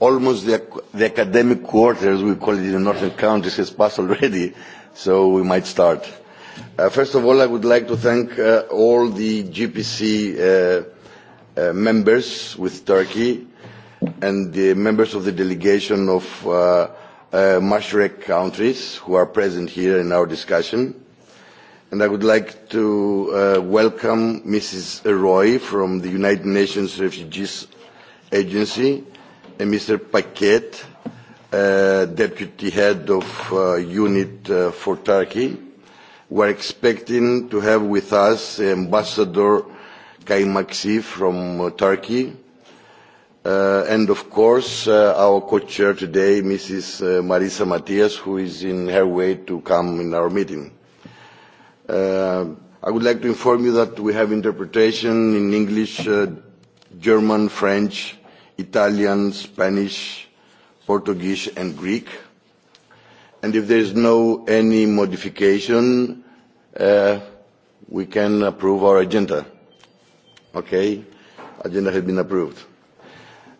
almost the, the academic quarters, we call it in the northern counties, has passed already, so we might start. Uh, first of all, I would like to thank uh, all the GPC uh, uh, members with Turkey and the members of the delegation of uh, uh, Mashrek countries who are present here in our discussion. And I would like to uh, welcome Mrs. Roy from the United Nations Refugees Agency, Mr. Paquet, uh, deputy head of uh, unit uh, for Turkey. We're expecting to have with us Ambassador Kaimaksi from uh, Turkey, uh, and of course uh, our co-chair today, Mrs. Uh, Marisa Matias, who is in her way to come in our meeting. Uh, I would like to inform you that we have interpretation in English, uh, German, French, Italian, Spanish, Portuguese and Greek. And if there is no any modification, uh, we can approve our agenda. Okay, agenda has been approved.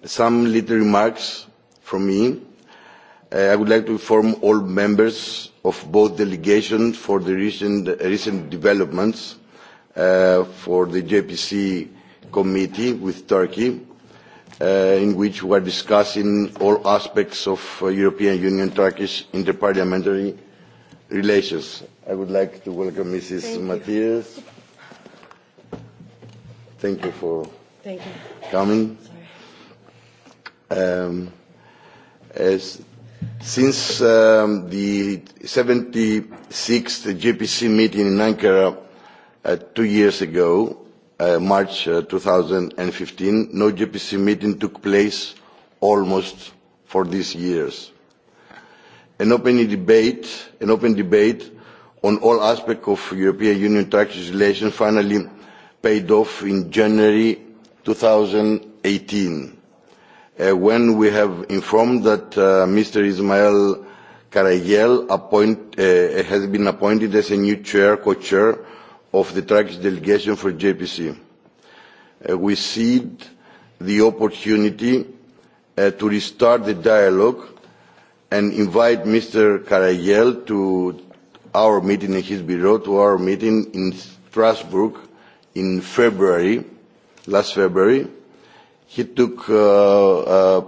Some little remarks from me. Uh, I would like to inform all members of both delegations for the recent, recent developments uh, for the JPC committee with Turkey in which we are discussing all aspects of European Union-Turkish interparliamentary relations. I would like to welcome Mrs. Thank Matthias. Thank you for Thank you. coming. Um, as since um, the 76th GPC meeting in Ankara uh, two years ago, uh, March uh, 2015, no GPC meeting took place almost for these years. An open debate, an open debate on all aspects of European Union Turkish relations finally paid off in January 2018, uh, when we have informed that uh, Mr. Ismail Karayel appoint, uh, has been appointed as a new chair, co-chair of the Turkish delegation for JPC. Uh, we seed the opportunity uh, to restart the dialogue and invite Mr. Karayel to our meeting in his bureau, to our meeting in Strasbourg in February, last February. He took, uh, uh,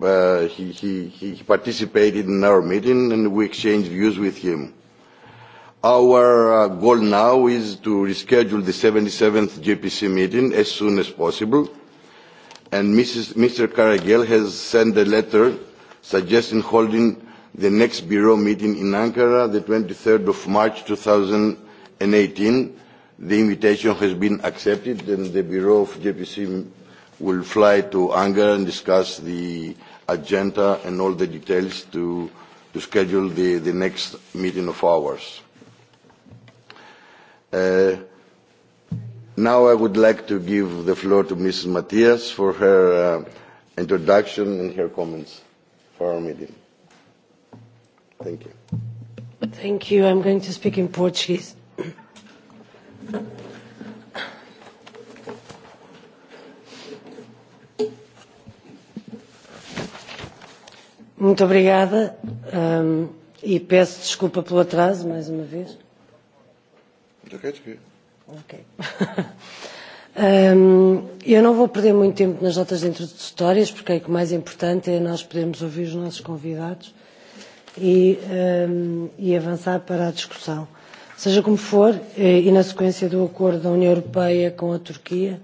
uh, he, he, he participated in our meeting and we exchanged views with him Our goal now is to reschedule the 77th GPC meeting as soon as possible, and Mr. Karagiel has sent a letter suggesting holding the next Bureau meeting in Ankara, the 23rd of March 2018. The invitation has been accepted, and the Bureau of GPC will fly to Ankara and discuss the agenda and all the details to schedule the the next meeting of ours now I would like to give the floor to Mrs. Matias for her uh, introduction and her comments for our meeting. Thank you. Thank you. I'm going to speak in Portuguese. Muito obrigada um, e peço desculpa pelo atraso mais uma vez така е, така Okay. Eu não vou perder muito tempo nas notas introdutórias, porque é que o mais importante é nós podermos ouvir os nossos convidados e, um, e avançar para a discussão. Seja como for, e na sequência do acordo da União Europeia com a Turquia,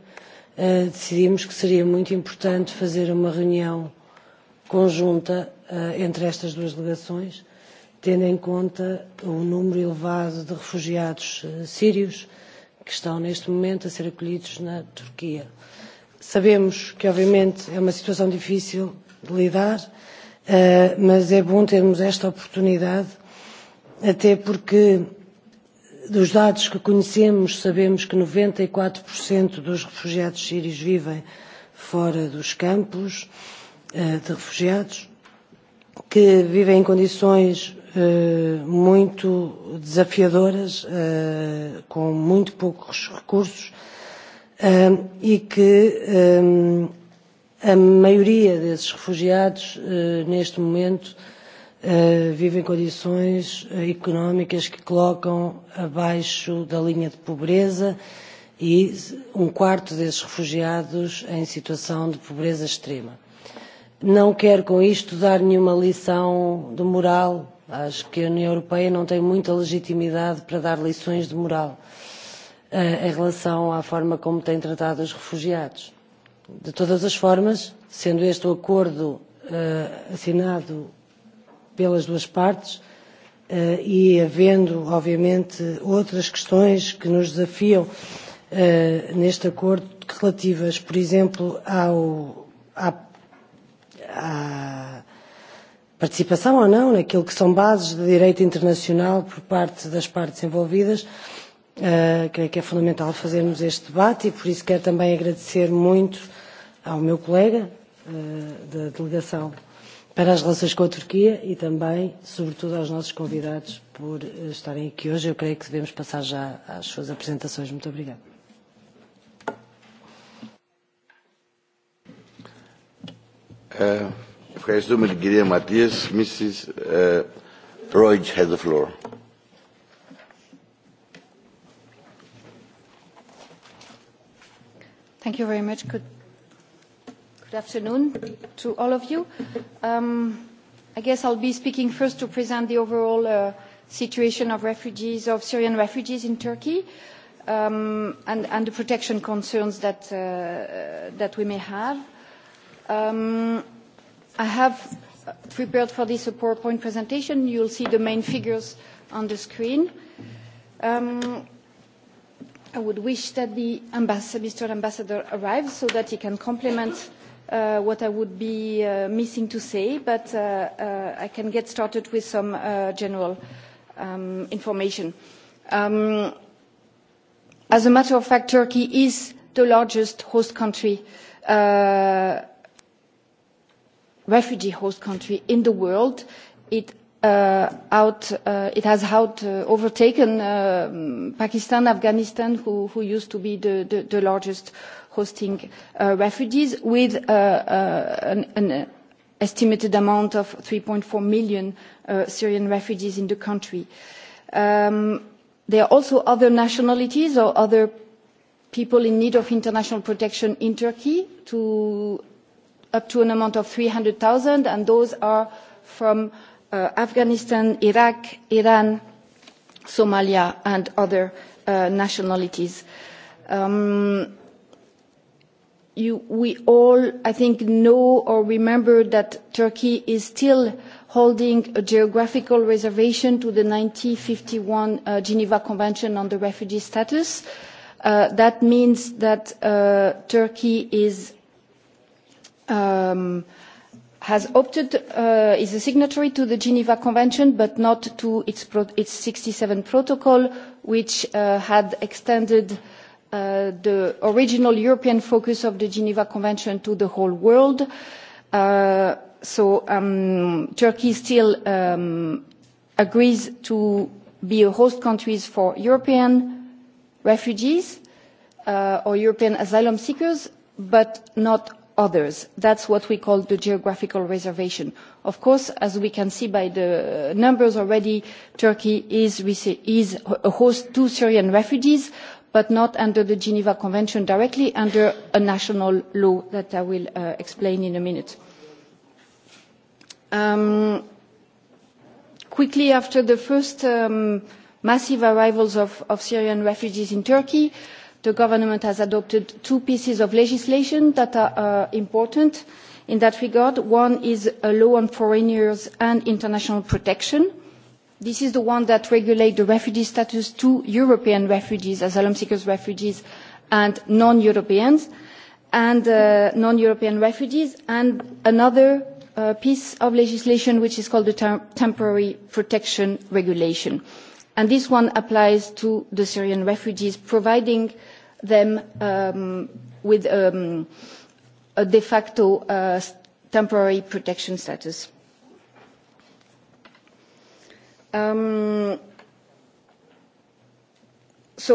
uh, decidimos que seria muito importante fazer uma reunião conjunta uh, entre estas duas delegações tendo em conta o número elevado de refugiados sírios que estão neste momento a ser acolhidos na Turquia. Sabemos que, obviamente, é uma situação difícil de lidar, mas é bom termos esta oportunidade, até porque dos dados que conhecemos, sabemos que 94% dos refugiados sírios vivem fora dos campos de refugiados, que vivem em condições muito desafiadoras, com muito poucos recursos, e que a maioria desses refugiados, neste momento, vivem condições económicas que colocam abaixo da linha de pobreza e um quarto desses refugiados em situação de pobreza extrema. Não quero com isto dar nenhuma lição de moral Acho que a União Europeia não tem muita legitimidade para dar lições de moral em relação à forma como tem tratado os refugiados. De todas as formas, sendo este o acordo assinado pelas duas partes e havendo, obviamente, outras questões que nos desafiam neste acordo relativas, por exemplo, ao, à, à participação ou não naquilo que são bases de direito internacional por parte das partes envolvidas. Uh, creio que é fundamental fazermos este debate e por isso quero também agradecer muito ao meu colega uh, da delegação para as relações com a Turquia e também, sobretudo, aos nossos convidados por estarem aqui hoje. Eu creio que devemos passar já às suas apresentações. Muito obrigada. Uh, Ευχαριστούμε την κυρία Ματίας. Mrs. Uh, Roig has the floor. Thank you very much. Good, good afternoon to all of you. Um, I guess I'll be speaking first to present the overall uh, situation of refugees, of Syrian refugees in Turkey, um, and, and the protection concerns that, uh, that we may have. Um, I have prepared for this a PowerPoint presentation. You'll see the main figures on the screen. I would wish that the Mr. Ambassador arrives so that he can complement what I would be missing to say, but I can get started with some general information. as a matter of fact, Turkey is the largest host country for refugee host country in the world. It, uh, out, uh, it has out, uh, overtaken uh, Pakistan, Afghanistan, who, who used to be the, the, the largest hosting uh, refugees, with uh, uh, an, an estimated amount of 3.4 million uh, Syrian refugees in the country. Um, there are also other nationalities or other people in need of international protection in Turkey to up to an amount of 300,000, and those are from Afghanistan, Iraq, Iran, Somalia, and other nationalities. we all, I think, know or remember that Turkey is still holding a geographical reservation to the fifty one Geneva Convention on the Refugee Status. that means that Turkey is um, has opted, uh, is a signatory to the Geneva Convention, but not to its, pro its 67 protocol, which uh, had extended uh, the original European focus of the Geneva Convention to the whole world. Uh, so um, Turkey still um, agrees to be a host country for European refugees uh, or European asylum seekers, but not others. That is what we call the geographical reservation. Of course, as we can see by the numbers already, Turkey is, a host to Syrian refugees, but not under the Geneva Convention directly, under a national law that I will explain in a minute. quickly after the first massive arrivals of, Syrian refugees in Turkey, uh, the government has adopted two pieces of legislation that are important in that regard. One is a law on foreigners and international protection. This is the one that regulates the refugee status to European refugees, asylum seekers, refugees, and non-Europeans, and non-European refugees, and another piece of legislation which is called the temporary protection regulation and this one applies to the Syrian refugees, providing them with a de facto temporary protection status. so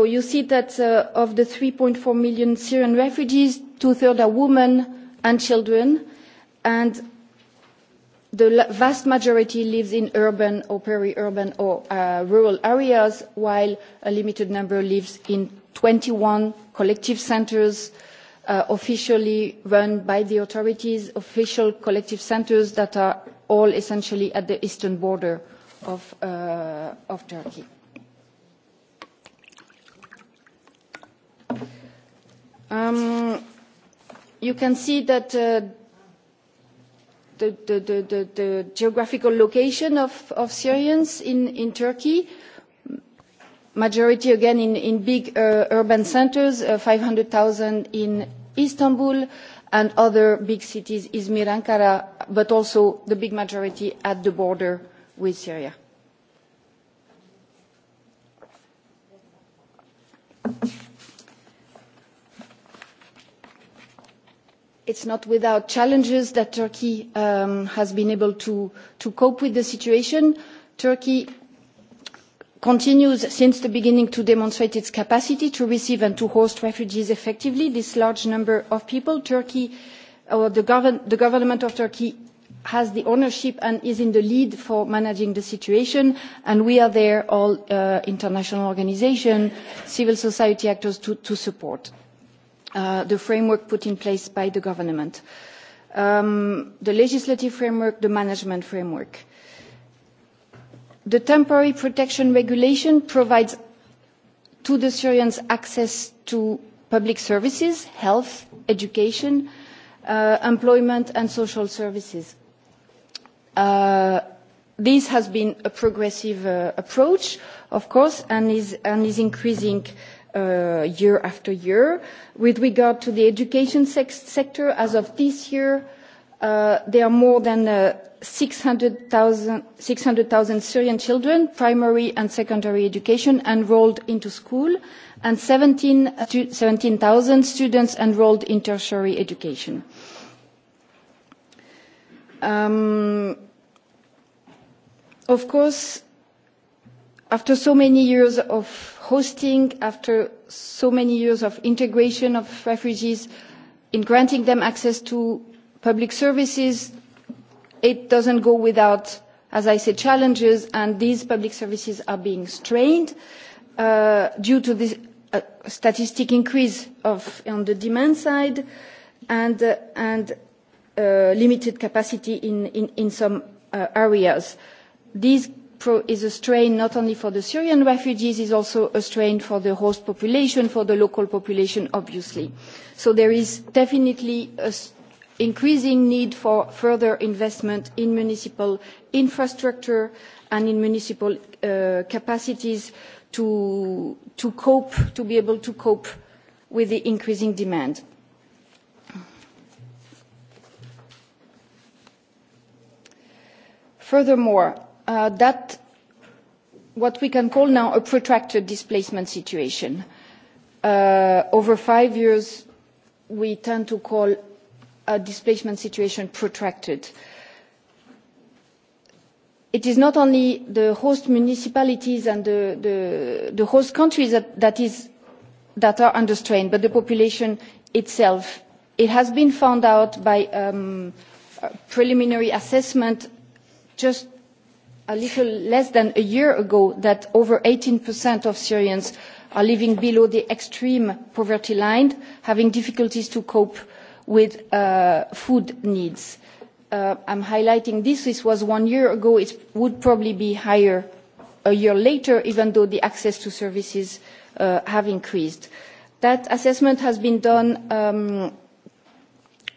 you see that of the three four million Syrian refugees, two-thirds are women and children, and the vast majority lives in urban or peri-urban or rural areas, while a limited number lives in twenty one collective centres officially run by the authorities, official collective centres that are all essentially at the eastern border of Turkey. You can see that the, the, the, the, the geographical location of, of Syrians in, in Turkey, majority again in, in big uh, urban centers, uh, 500,000 in Istanbul and other big cities, Izmir, Ankara, but also the big majority at the border with Syria. Thank you. it is not without challenges that Turkey has been able to, cope with the situation. Turkey continues since the beginning to demonstrate its capacity to receive and to host refugees effectively, this large number of people. Turkey, or the, government of Turkey has the ownership and is in the lead for managing the situation, and we are there, all international organisations, civil society actors, to support the framework put in place by the government. the legislative framework, the management framework. The temporary protection regulation provides to the Syrians access to public services, health, education, employment and social services. this has been a progressive approach, of course, and is, increasing uh, year after year. With regard to the education sector, as of this year, uh, there are more than uh, 600,000 Syrian children, primary and secondary education, enrolled into school, and 17,000 students enrolled in tertiary education. Um, of course, after so many years of hosting, after so many years of integration of refugees, in granting them access to public services, it doesn't go without, as I said, challenges, and these public services are being strained uh, due to this uh, statistic increase of, on the demand side and, uh, and uh, limited capacity in, in, in some uh, areas. These is a strain not only for the Syrian refugees, is also a strain for the host population, for the local population, obviously. So there is definitely an increasing need for further investment in municipal infrastructure and in municipal capacities to, to cope, to be able to cope with the increasing demand. Furthermore, that what we can call now a protracted displacement situation. over five years, we tend to call a displacement situation protracted. It is not only the host municipalities and the, the, the host countries that, that, is, that are under strain, but the population itself. It has been found out by um, preliminary assessment just a little less than a year ago that over 18% of Syrians are living below the extreme poverty line, having difficulties to cope with food needs. I am highlighting this. This was one year ago. It would probably be higher a year later, even though the access to services have increased. That assessment has been done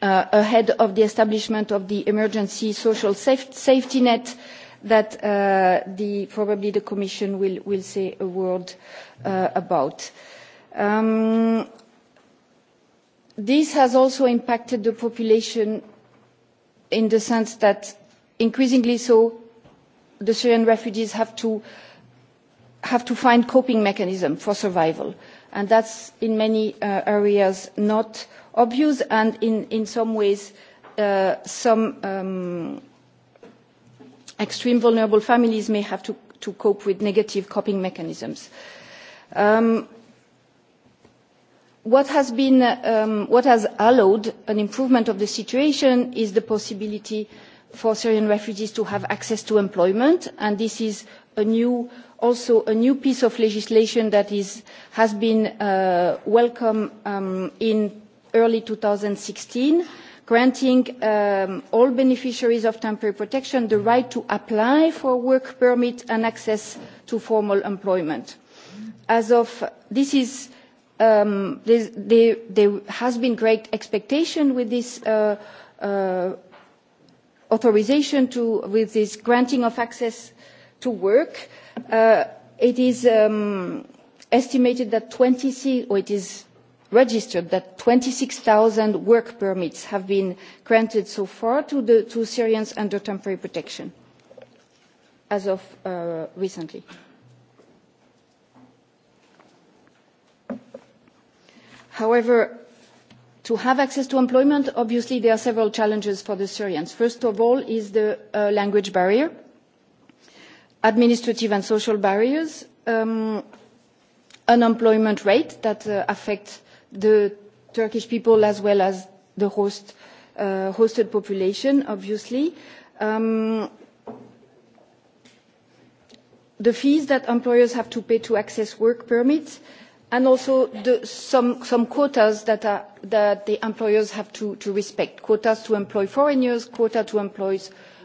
ahead of the establishment of the emergency social safety net that the, probably the Commission will, will say a word about. this has also impacted the population in the sense that increasingly so the Syrian refugees have to have to find coping mechanisms for survival. And that's in many areas not obvious and in, in some ways some extreme vulnerable families may have to, to cope with negative coping mechanisms. Um, what has been um, what has allowed an improvement of the situation is the possibility for Syrian refugees to have access to employment, and this is a new, also a new piece of legislation that is, has been uh, welcome um, in early 2016. sixteen granting all beneficiaries of temporary protection the right to apply for a work permit and access to formal employment. As of this is um, there, there has been great expectation with this uh, uh, authorization to with this granting of access to work. Uh, it is um, estimated that 26, or it is registered that twenty six zero work permits have been granted so far to, Syrians under temporary protection as of recently. However, to have access to employment, obviously there are several challenges for the Syrians. First of all is the language barrier, administrative and social barriers, unemployment rate that affects the Turkish people as well as the host, uh, hosted population, obviously. Um, the fees that employers have to pay to access work permits and also the, some, some quotas that, are, that the employers have to, to respect, quotas to employ foreigners, quotas to employ,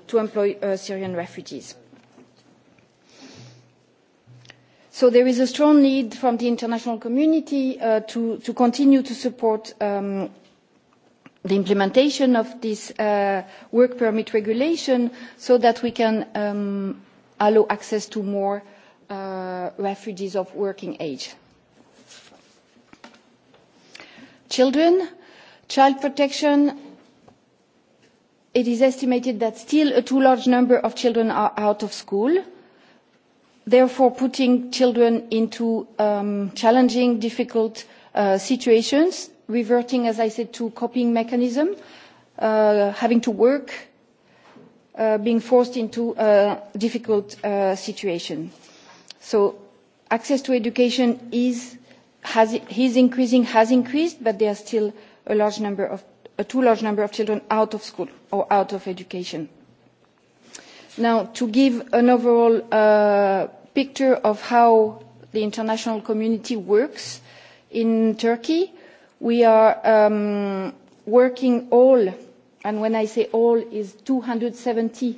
to employ uh, Syrian refugees So there is a strong need from the international community uh, to, to continue to support um, the implementation of this uh, work permit regulation so that we can um, allow access to more uh, refugees of working age. Children, child protection, it is estimated that still a too large number of children are out of school therefore putting children into challenging, difficult situations, reverting, as I said, to coping mechanism, having to work, being forced into a difficult situation. So access to education is, has, is increasing, has increased, but there are still a large number of, a too large number of children out of school or out of education Now, to give an overall uh, picture of how the international community works in Turkey, we are um, working all, and when I say all, is 270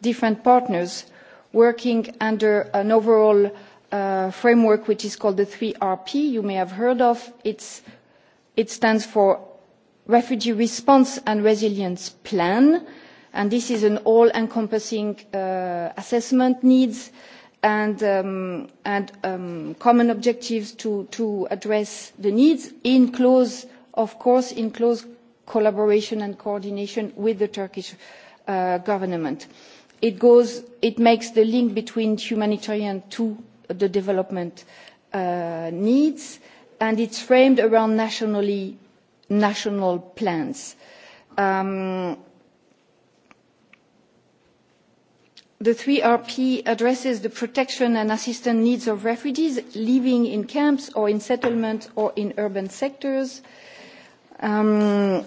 different partners working under an overall uh, framework which is called the 3RP. You may have heard of it's, it stands for Refugee Response and Resilience Plan and this is an all encompassing assessment needs and common objectives to address the needs in close of course in close collaboration and coordination with the turkish government. it makes the link between humanitarian to the development needs and it's framed around national plans The three rp addresses the protection and assistance needs of refugees living in camps or in settlements or in urban sectors. and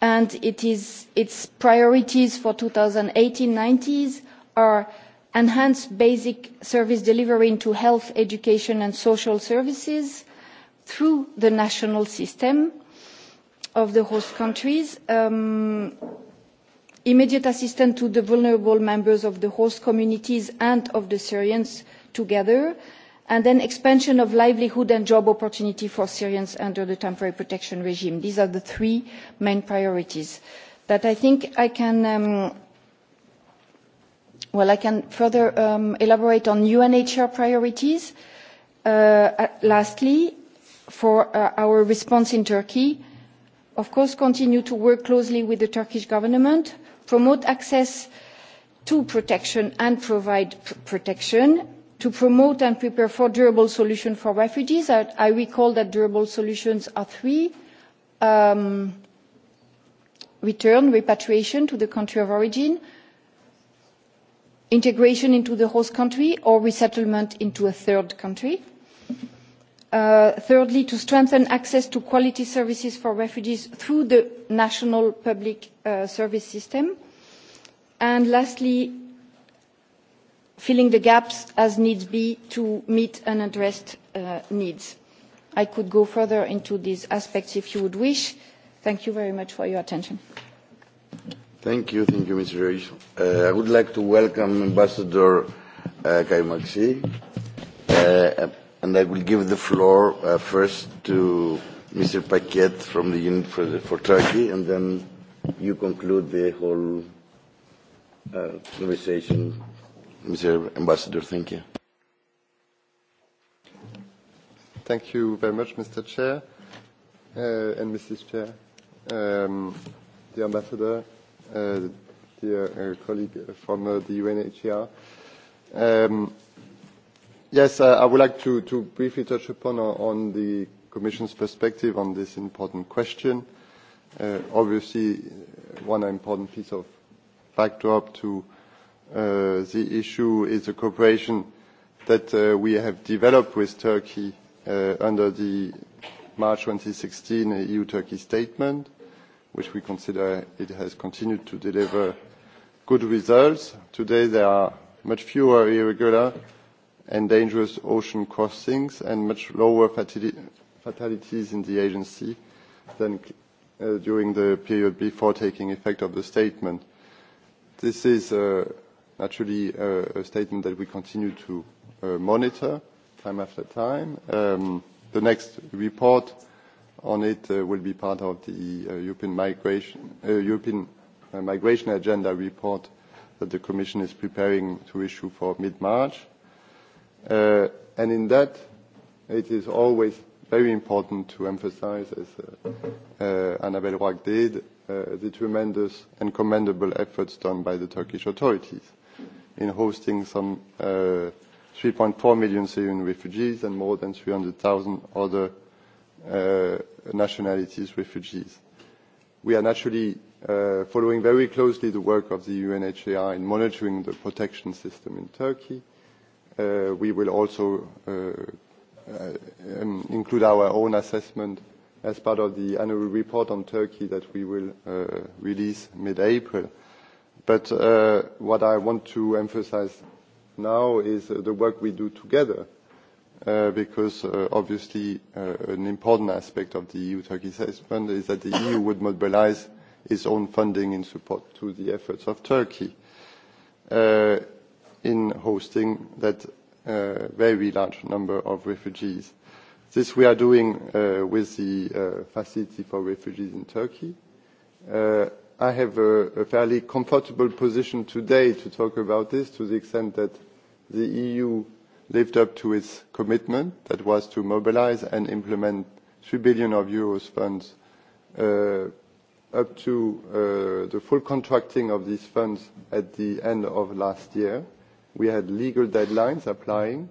it is, its priorities for 2018-19 are enhanced basic service delivery into health, education and social services through the national system of the host countries. Um, immediate assistance to the vulnerable members of the host communities and of the syrians together and then expansion of livelihood and job opportunities for syrians under the temporary protection regime. these are the three main priorities that i think i can well i can further elaborate on unhr priorities lastly for our response in turkey of course continue to work closely with the turkish government promote access to protection and provide protection, to promote and prepare for durable solutions for refugees. I, I recall that durable solutions are three. Um, return, repatriation to the country of origin, integration into the host country, or resettlement into a third country thirdly, to strengthen access to quality services for refugees through the national public service system. And lastly, filling the gaps as needs be to meet unaddressed needs. I could go further into these aspects if you would wish. Thank you very much for your attention. Thank you. Thank you, Ms. Reich. I would like to welcome Ambassador Kaimaksi, and I will give the floor uh, first to Mr. Paquet from the Unit for, the, for Turkey, and then you conclude the whole uh, conversation. Mr. Ambassador, thank you. Thank you very much, Mr. Chair uh, and Mrs. Chair, um, the Ambassador, uh, dear uh, colleague from uh, the UNHCR. Um, Yes, I would like to to briefly touch upon on the Commission's perspective on this important question. Uh Obviously, one important piece of backdrop to uh the issue is the cooperation that uh we have developed with Turkey uh under the March 2016 EU-Turkey statement, which we consider it has continued to deliver good results. Today, there are much fewer irregular and dangerous ocean crossings and much lower fatalities in the agency than uh, during the period before taking effect of the statement. This is uh, naturally uh, a statement that we continue to uh, monitor time after time. Um, the next report on it uh, will be part of the uh, European, migration, uh, European uh, migration agenda report that the Commission is preparing to issue for mid-March. Uh, and in that, it is always very important to emphasize, as uh, uh, Annabel Roig did, uh, the tremendous and commendable efforts done by the Turkish authorities in hosting some uh, 3.4 million Syrian refugees and more than 300,000 other uh, nationalities refugees. We are naturally uh, following very closely the work of the UNHCR in monitoring the protection system in Turkey we will also include our own assessment as part of the annual report on Turkey that we will uh release mid-April. But what I want to emphasize now is the work we do together, because obviously an important aspect of the EU-Turkey assessment is that the EU would mobilize its own funding in support to the efforts of Turkey in hosting that uh, very large number of refugees. This we are doing uh, with the uh, Facility for Refugees in Turkey. Uh, I have a, a fairly comfortable position today to talk about this to the extent that the EU lived up to its commitment that was to mobilize and implement 3 billion of euros funds uh, up to uh, the full contracting of these funds at the end of last year We had legal deadlines applying.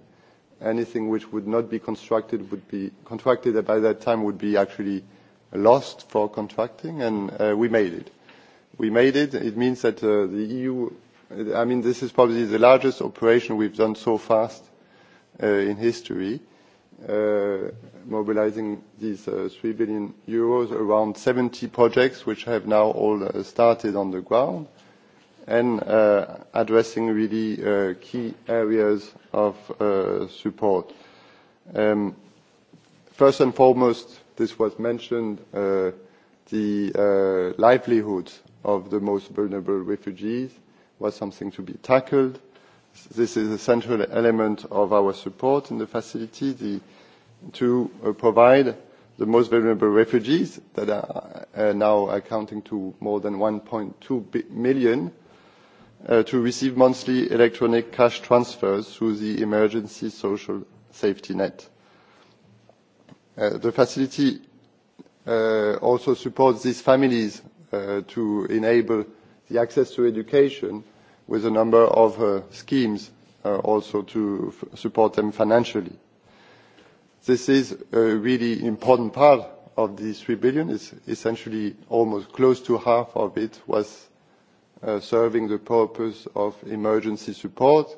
Anything which would not be constructed would be contracted by that time would be actually lost for contracting, and uh, we made it. We made it. It means that uh, the EU, I mean, this is probably the largest operation we've done so fast uh, in history, uh, mobilizing these uh, 3 billion euros around 70 projects, which have now all uh, started on the ground and uh, addressing really uh, key areas of uh, support. Um, first and foremost, this was mentioned, uh, the uh, livelihoods of the most vulnerable refugees was something to be tackled. This is a central element of our support in the facility the, to uh, provide the most vulnerable refugees that are uh, now accounting to more than 1.2 million uh, to receive monthly electronic cash transfers through the emergency social safety net. the facility also supports these families to enable the access to education with a number of schemes also to support them financially. This is a really important part of the 3 billion. It's essentially almost close to half of it was uh, serving the purpose of emergency support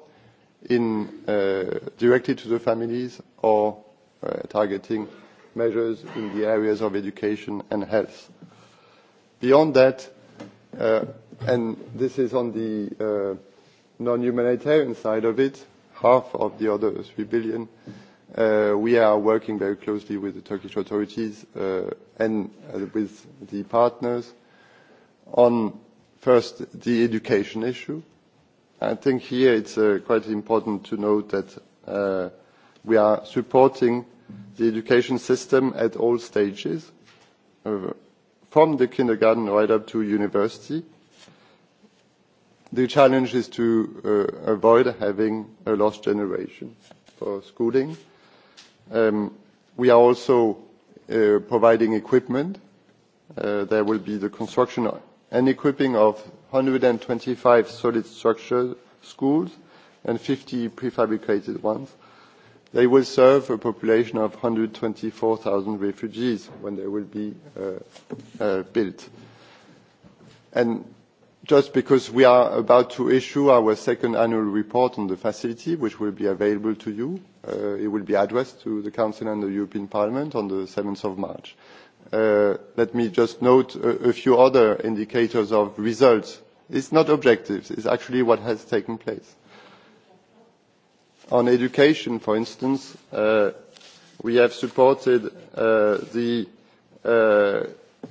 in, uh, directly to the families or uh, targeting measures in the areas of education and health. Beyond that, uh, and this is on the uh, non-humanitarian side of it, half of the other 3 billion, uh, we are working very closely with the Turkish authorities uh, and uh, with the partners on First, the education issue. I think here it's uh, quite important to note that uh, we are supporting the education system at all stages, uh, from the kindergarten right up to university. The challenge is to uh, avoid having a lost generation for schooling. Um, we are also uh, providing equipment. Uh, there will be the construction and equipping of 125 solid structure schools and 50 prefabricated ones. They will serve a population of 124,000 refugees when they will be uh, uh, built. And just because we are about to issue our second annual report on the facility, which will be available to you, uh, it will be addressed to the Council and the European Parliament on the 7th of March. Let me just note a few other indicators of results. It's not objectives, it's actually what has taken place. On education, for instance, we have supported the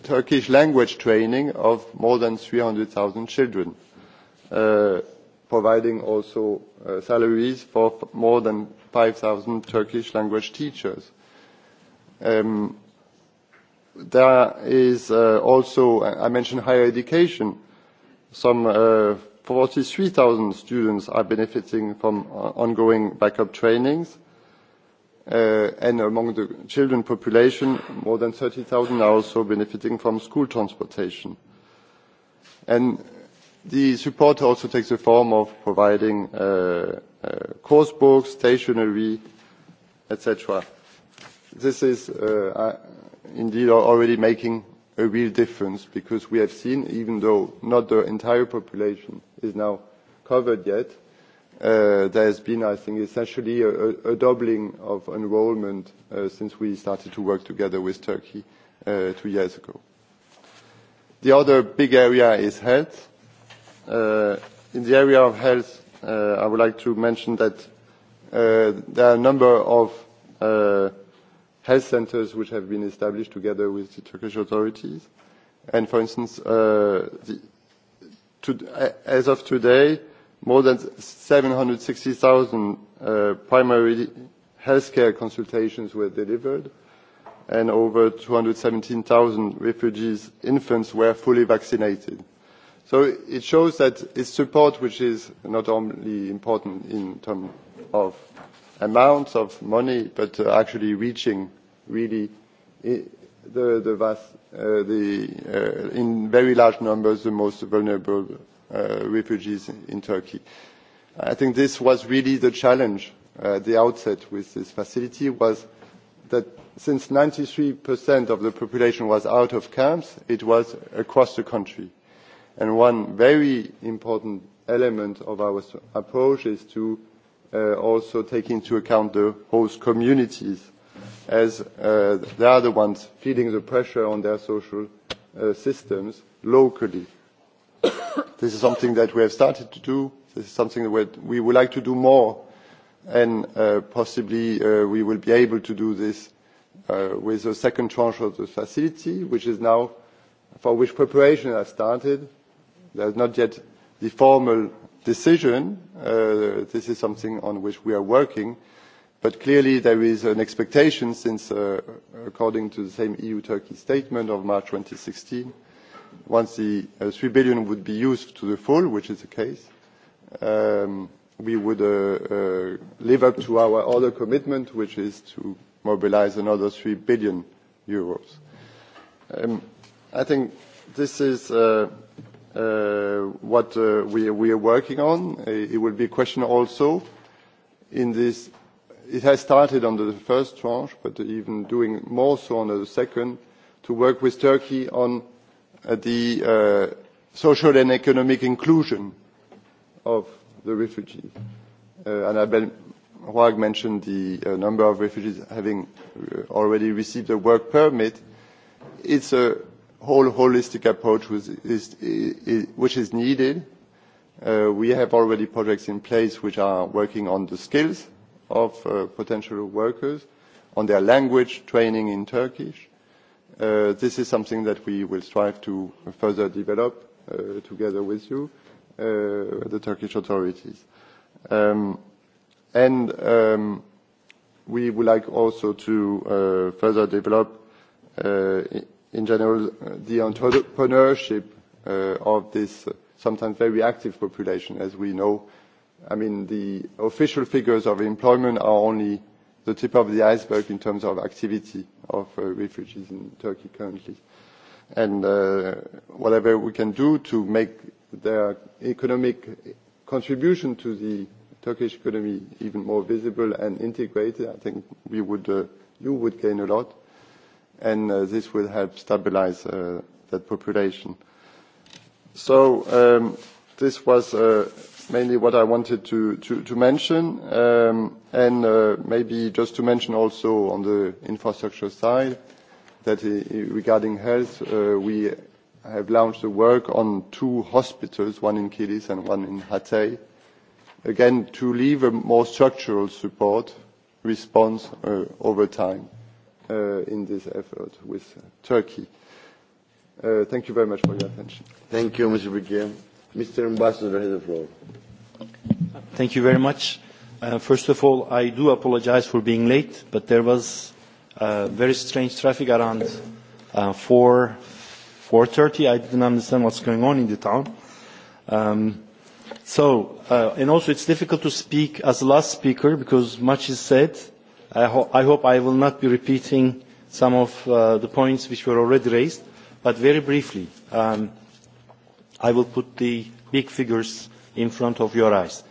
Turkish language training of more than 300,000 children, providing also salaries for more than 5,000 Turkish language teachers. Um There is uh, also, I mentioned higher education. Some uh, 43,000 students are benefiting from ongoing backup trainings. Uh, and among the children population, more than 30,000 are also benefiting from school transportation. And the support also takes the form of providing uh, uh, course books, stationery, etc. This is indeed already making a real difference because we have seen, even though not the entire population is now covered yet, uh, there has been, I think, essentially a, a doubling of enrollment uh, since we started to work together with Turkey uh, two years ago. The other big area is health. Uh, in the area of health, uh, I would like to mention that uh, there are a number of uh, health centers which have been established together with the Turkish authorities. And for instance, uh, the, to, as of today, more than 760,000 uh, primary healthcare consultations were delivered, and over 217,000 refugees' infants were fully vaccinated. So it shows that it's support which is not only important in terms of amounts of money, but uh, actually reaching really i the, the vast, uh, the, uh, in very large numbers, the most vulnerable uh, refugees in Turkey. I think this was really the challenge uh, at the outset with this facility was that since 93% of the population was out of camps, it was across the country. And one very important element of our approach is to uh, also take into account the host communities as uh, they are the ones feeling the pressure on their social uh, systems locally. this is something that we have started to do. This is something that we would like to do more and uh, possibly uh, we will be able to do this uh, with the second tranche of the facility, which is now for which preparation has started. There's not yet the formal decision. this is something on which we are working. But clearly there is an expectation since, according to the same EU-Turkey statement of March 2016, once the uh, 3 billion would be used to the full, which is the case, we would live up to our other commitment, which is to mobilize another 3 billion euros. I think this is what we are working on. It will be a question also in this. It has started under the first tranche, but even doing more so under the second, to work with Turkey on the social and economic inclusion of the refugees. Annabel Roig mentioned the number of refugees having already received a work permit. It's a whole holistic approach which is, which is needed. Uh, we have already projects in place which are working on the skills of uh, potential workers, on their language training in Turkish. Uh, this is something that we will strive to further develop uh, together with you, uh, the Turkish authorities. Um, and um, we would like also to uh, further develop uh, in general, the entrepreneurship uh, of this sometimes very active population, as we know. I mean, the official figures of employment are only the tip of the iceberg in terms of activity of uh, refugees in Turkey currently. And uh, whatever we can do to make their economic contribution to the Turkish economy even more visible and integrated, I think we would, uh, you would gain a lot and uh, this will help stabilize uh, that population. So um, this was uh, mainly what I wanted to, to, to mention, um, and uh, maybe just to mention also on the infrastructure side that uh, regarding health, uh, we have launched the work on two hospitals, one in Kilis and one in Hatay, again to leave a more structural support response uh, over time uh, in this effort with uh Turkey. Uh, thank you very much for your attention. Thank you, Mr. Brigham. Mr. Ambassador has the floor. Thank you very much. Uh, first of all, I do apologize for being late, but there was uh, very strange traffic around uh, 4, 4.30. I didn't understand what's going on in the town. Um, so, uh, and also it's difficult to speak as the last speaker because much is said I, hope I will not be repeating some of uh, the points which were already raised, but very briefly, um, I will put the big figures in front of your eyes.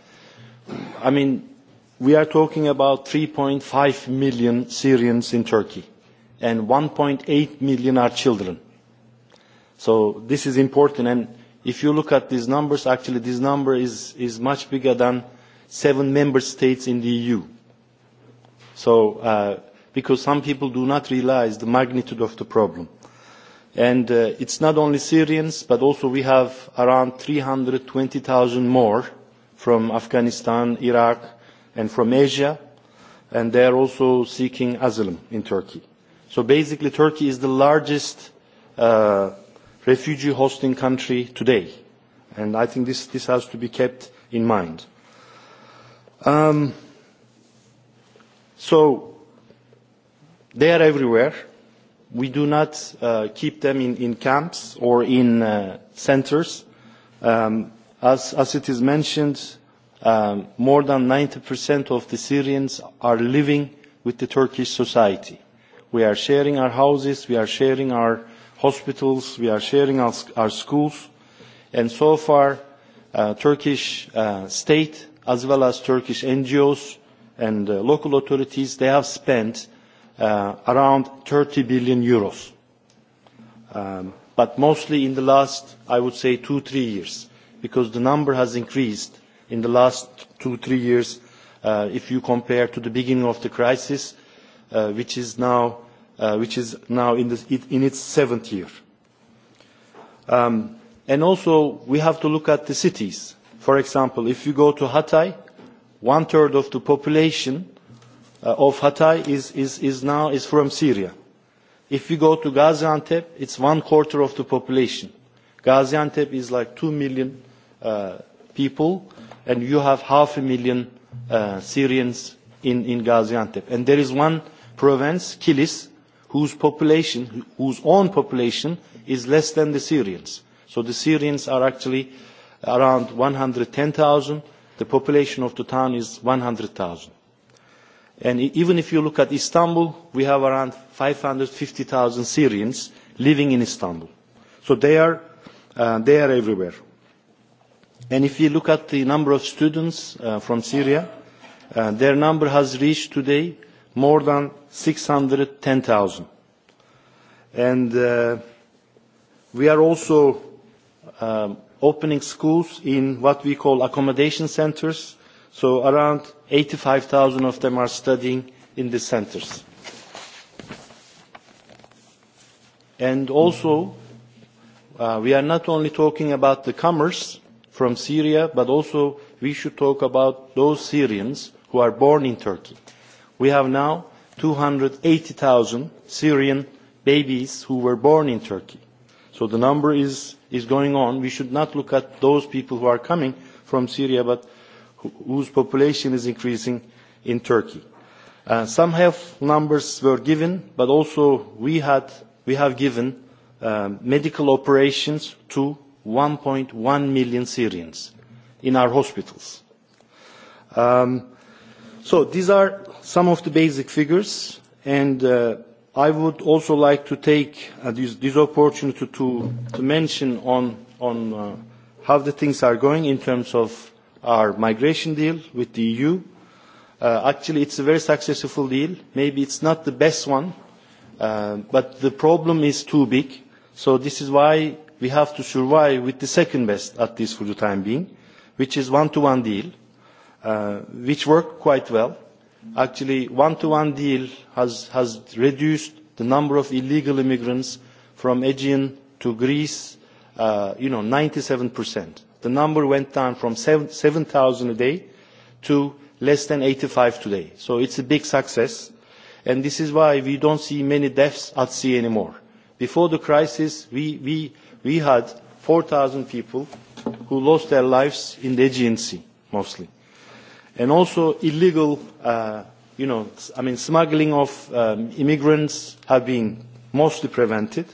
I mean, we are talking about 3.5 million Syrians in Turkey, and 1.8 million are children. So this is important, and if you look at these numbers, actually this number is, is much bigger than seven member states in the EU So, uh, because some people do not realize the magnitude of the problem. And uh, it's not only Syrians, but also we have around 320,000 more from Afghanistan, Iraq, and from Asia, and they are also seeking asylum in Turkey. So basically, Turkey is the largest uh, refugee hosting country today, and I think this, this has to be kept in mind. Um, So they are everywhere. We do not uh, keep them in, in camps or in uh, centers. Um, as, as it is mentioned, um, more than 90% of the Syrians are living with the Turkish society. We are sharing our houses, we are sharing our hospitals, we are sharing our, our schools. And so far, uh, Turkish uh, state as well as Turkish NGOs and local authorities, they have spent around EUR thirty billion but mostly in the last, I would say, two, three years, because the number has increased in the last two, three years if you compare to the beginning of the crisis, which is now in its seventh year. And also, we have to look at the cities. For example, if you go to Hatay, One third of the population of Hatay is, is, is now is from Syria. If we go to Gaziantep, it's one quarter of the population. Gaziantep is like two million uh, people, and you have half a million uh, Syrians in, in Gaziantep. And there is one province, Kilis, whose population, whose own population, is less than the Syrians. So the Syrians are actually around 110,000, the population of the town is one hundred thousand. And even if you look at Istanbul, we have around five hundred and fifty thousand Syrians living in Istanbul. So they are, uh, they are everywhere. And if you look at the number of students uh, from Syria, uh, their number has reached today more than 610,000. And uh, we are also um, opening schools in what we call accommodation centres, so around eighty five zero of them are studying in these centres. And also, uh, we are not only talking about the comers from Syria, but also we should talk about those Syrians who are born in Turkey. We have now two hundred and 280,000 Syrian babies who were born in Turkey. So the number is is going on, we should not look at those people who are coming from Syria, but whose population is increasing in Turkey. Uh, some health numbers were given, but also we, had, we have given uh, medical operations to 1.1 million Syrians in our hospitals. Um, so these are some of the basic figures, and uh, I would also like to take uh, this, this opportunity to, to mention on, on uh, how the things are going in terms of our migration deal with the EU. Uh, actually, it's a very successful deal. Maybe it's not the best one, uh, but the problem is too big. So this is why we have to survive with the second best, at least for the time being, which is one-to-one deal, uh, which worked quite well actually one to one deal has, has reduced the number of illegal immigrants from Aegean to Greece, uh, you know, 97%. The number went down from 7,000 a day to less than 85 today. So it's a big success. And this is why we don't see many deaths at sea anymore. Before the crisis, we, we, we had 4,000 people who lost their lives in the Aegean Sea, mostly and also illegal, uh, you know, I mean, smuggling of um, immigrants have been mostly prevented.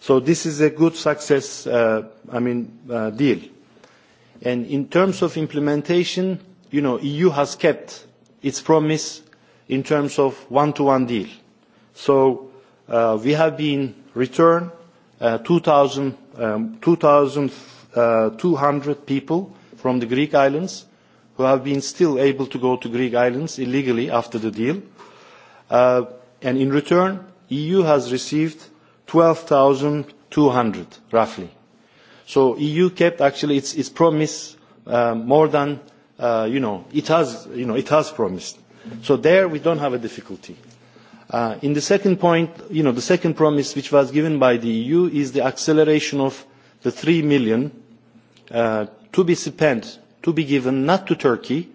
So this is a good success, uh, I mean, uh, deal. And in terms of implementation, you know, EU has kept its promise in terms of one-to-one deal. So uh, we have been returned uh, 2,000, um, 2,200 people from the Greek islands who have been still able to go to Greek islands illegally after the deal. and in return, EU has received 12,200, roughly. So EU kept actually its, its promise more than, you know, it has, you know, it has promised. So there we don't have a difficulty. in the second point, you know, the second promise which was given by the EU is the acceleration of the three million to be spent to be given not to Turkey,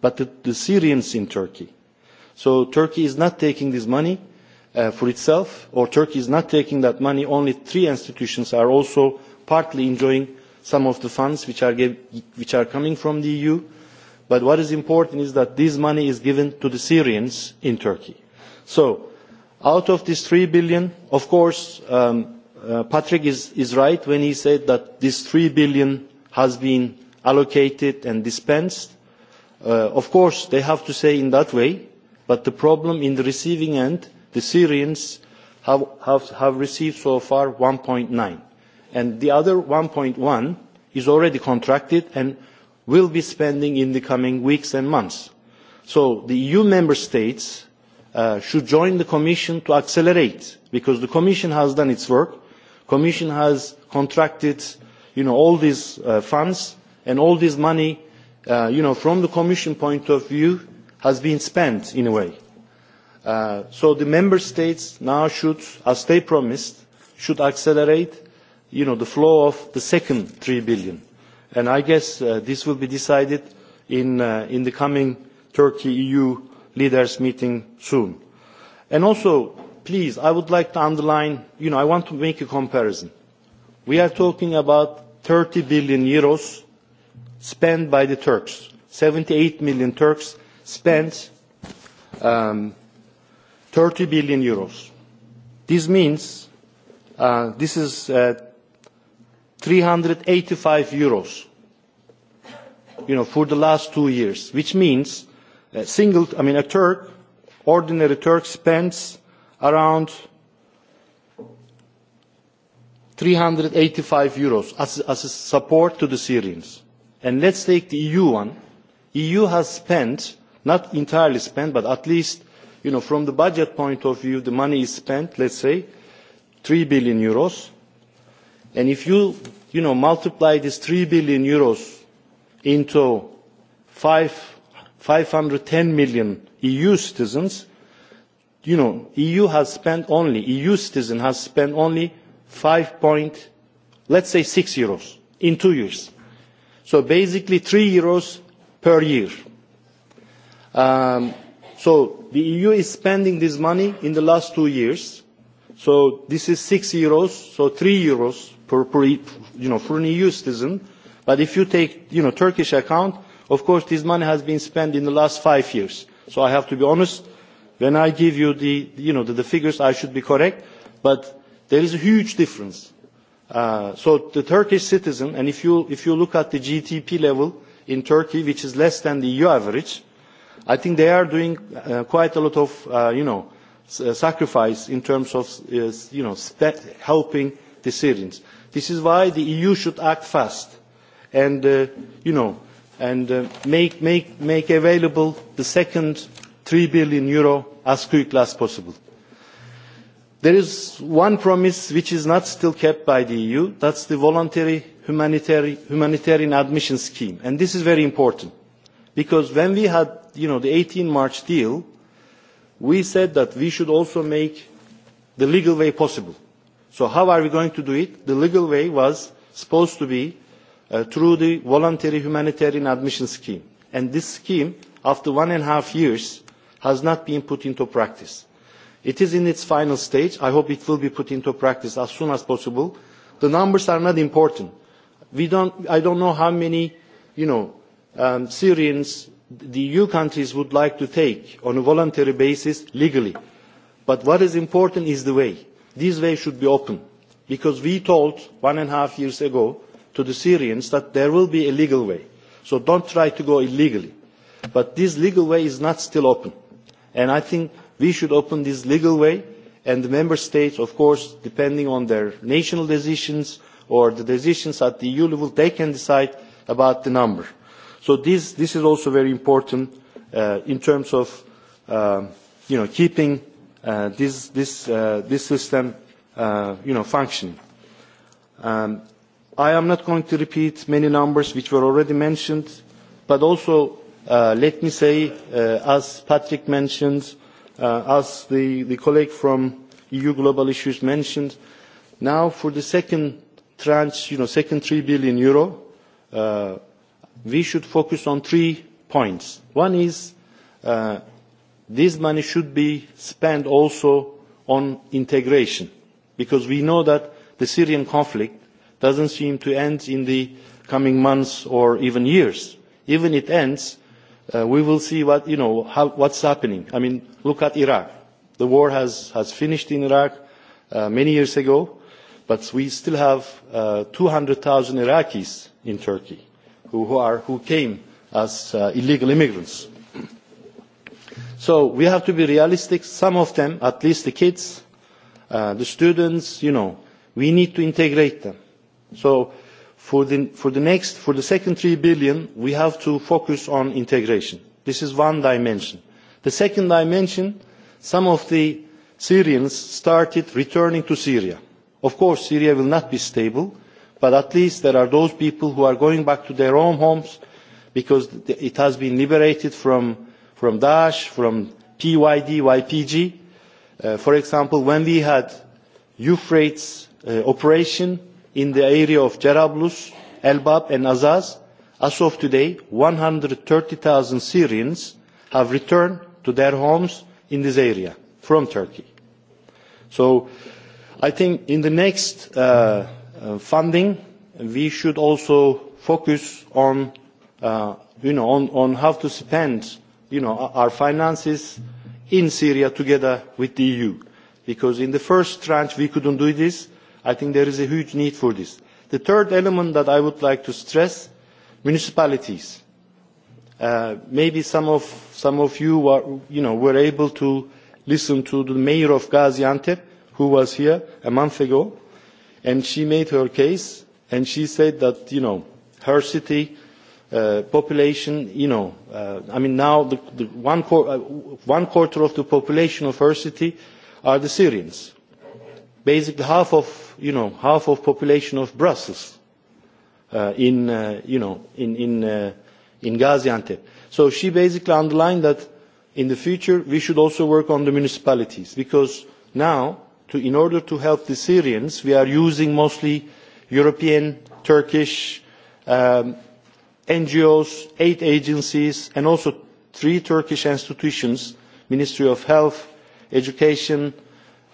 but to the Syrians in Turkey. So Turkey is not taking this money for itself, or Turkey is not taking that money. Only three institutions are also partly enjoying some of the funds which are, coming from the EU. But what is important is that this money is given to the Syrians in Turkey. So out of this three billion, of course, Patrick is, right when he said that this three billion has been allocated and dispensed. of course, they have to say in that way, but the problem in the receiving end, the Syrians have, have, have received so far one nine, and the other one one is already contracted and will be spending in the coming weeks and months. So the EU member states should join the Commission to accelerate, because the Commission has done its work. The Commission has contracted all these funds and all this money from the commission point of view has been spent in a way. so the member states now should as they promised should accelerate the flow of the second eur three billion and i guess this will be decided in the coming turkey eu leaders meeting soon. and also please i would like to underline i want to make a comparison we are talking about eur thirty billion spent by the Turks. seventy eight million Turks spent um, 30 billion euros. This means uh, this is uh, 385 euros you know, for the last two years, which means a single, I mean, a Turk, ordinary Turk spends around 385 euros as, as support to the Syrians and let us take the eu one the eu has spent not entirely spent but at least from the budget point of view the money is spent let us say eur three billion and if you multiply this eur three billion into five hundred and ten million eu citizens you know eu has spent only eu citizen has spent only five point let's say six euros in two years So basically three euros per year. Um, so the EU is spending this money in the last two years. So this is six euros, so three euros per, per you know, for an EU citizen. But if you take, you know, Turkish account, of course this money has been spent in the last five years. So I have to be honest, when I give you the, you know, the, the figures, I should be correct. But there is a huge difference so the Turkish citizen, and if you, if you look at the GDP level in Turkey, which is less than the EU average, I think they are doing uh, quite a lot of, uh, you know, sacrifice in terms of, you know, helping the Syrians. This is why the EU should act fast and, uh, you know, and uh, make, make, make available the second three billion euro as quickly as possible There is one promise which is not still kept by the EU, that's the voluntary humanitarian admission scheme. And this is very important because when we had you know, the 18 March deal, we said that we should also make the legal way possible. So how are we going to do it? The legal way was supposed to be uh, through the voluntary humanitarian admission scheme. And this scheme, after one and a half years, has not been put into practice It is in its final stage. I hope it will be put into practice as soon as possible. The numbers are not important. i do I don't know how many, Syrians the EU countries would like to take on a voluntary basis legally. But what is important is the way. This way should be open. Because we told one and a half years ago to the Syrians that there will be a legal way. So do not try to go illegally. But this legal way is not still open. And we should open this legal way and the member states of course depending on their national decisions or the decisions at the eu level they can decide about the number so this this is also very important uh, in terms of you know keeping uh, this this uh, this system uh, you know functioning um, i am not going to repeat many numbers which were already mentioned but also uh, let me say uh, as patrick mentioned uh, as the, the colleague from EU Global Issues mentioned, now for the second tranche, you know, second three billion euro, uh, we should focus on three points. One is uh, this money should be spent also on integration, because we know that the Syrian conflict doesn't seem to end in the coming months or even years. Even it ends, uh, we will see what, you know, how, what's happening. I mean, look at Iraq. The war has, has finished in Iraq uh, many years ago, but we still have uh, 200,000 Iraqis in Turkey who, who, are, who came as uh, illegal immigrants. So we have to be realistic. Some of them, at least the kids, uh, the students, you know, we need to integrate them. So for the second three billion we have to focus on integration. this is one dimension. the second dimension some of the syrians started returning to syria. of course syria will not be stable but at least there are those people who are going back to their own homes because it has been liberated from daesh from pyd ypg. for example when we had the euphrates operation in the area of Jarablus, Elbab and Azaz, as of today, one hundred and thirty zero Syrians have returned to their homes in this area from Turkey. So I think in the next funding, we should also focus on, you know, on, on how to spend, you know, our finances in Syria together with the EU. Because in the first tranche, we couldn't do this i think there is a huge need for this. the third element that i would like to stress municipalities maybe some of some of you were able to listen to the mayor of gaziantep who was here a month ago and she made her case and she said that you know her city population you know i mean now the, the one, uh, one quarter of the population of her city are the syrians basically half of you know half of population of Brussels uh, in uh, you know in in uh, in Gaziantep. So she basically underlined that in the future we should also work on the municipalities because now to, in order to help the Syrians we are using mostly European, Turkish um, NGOs, eight agencies, and also three Turkish institutions: Ministry of Health, Education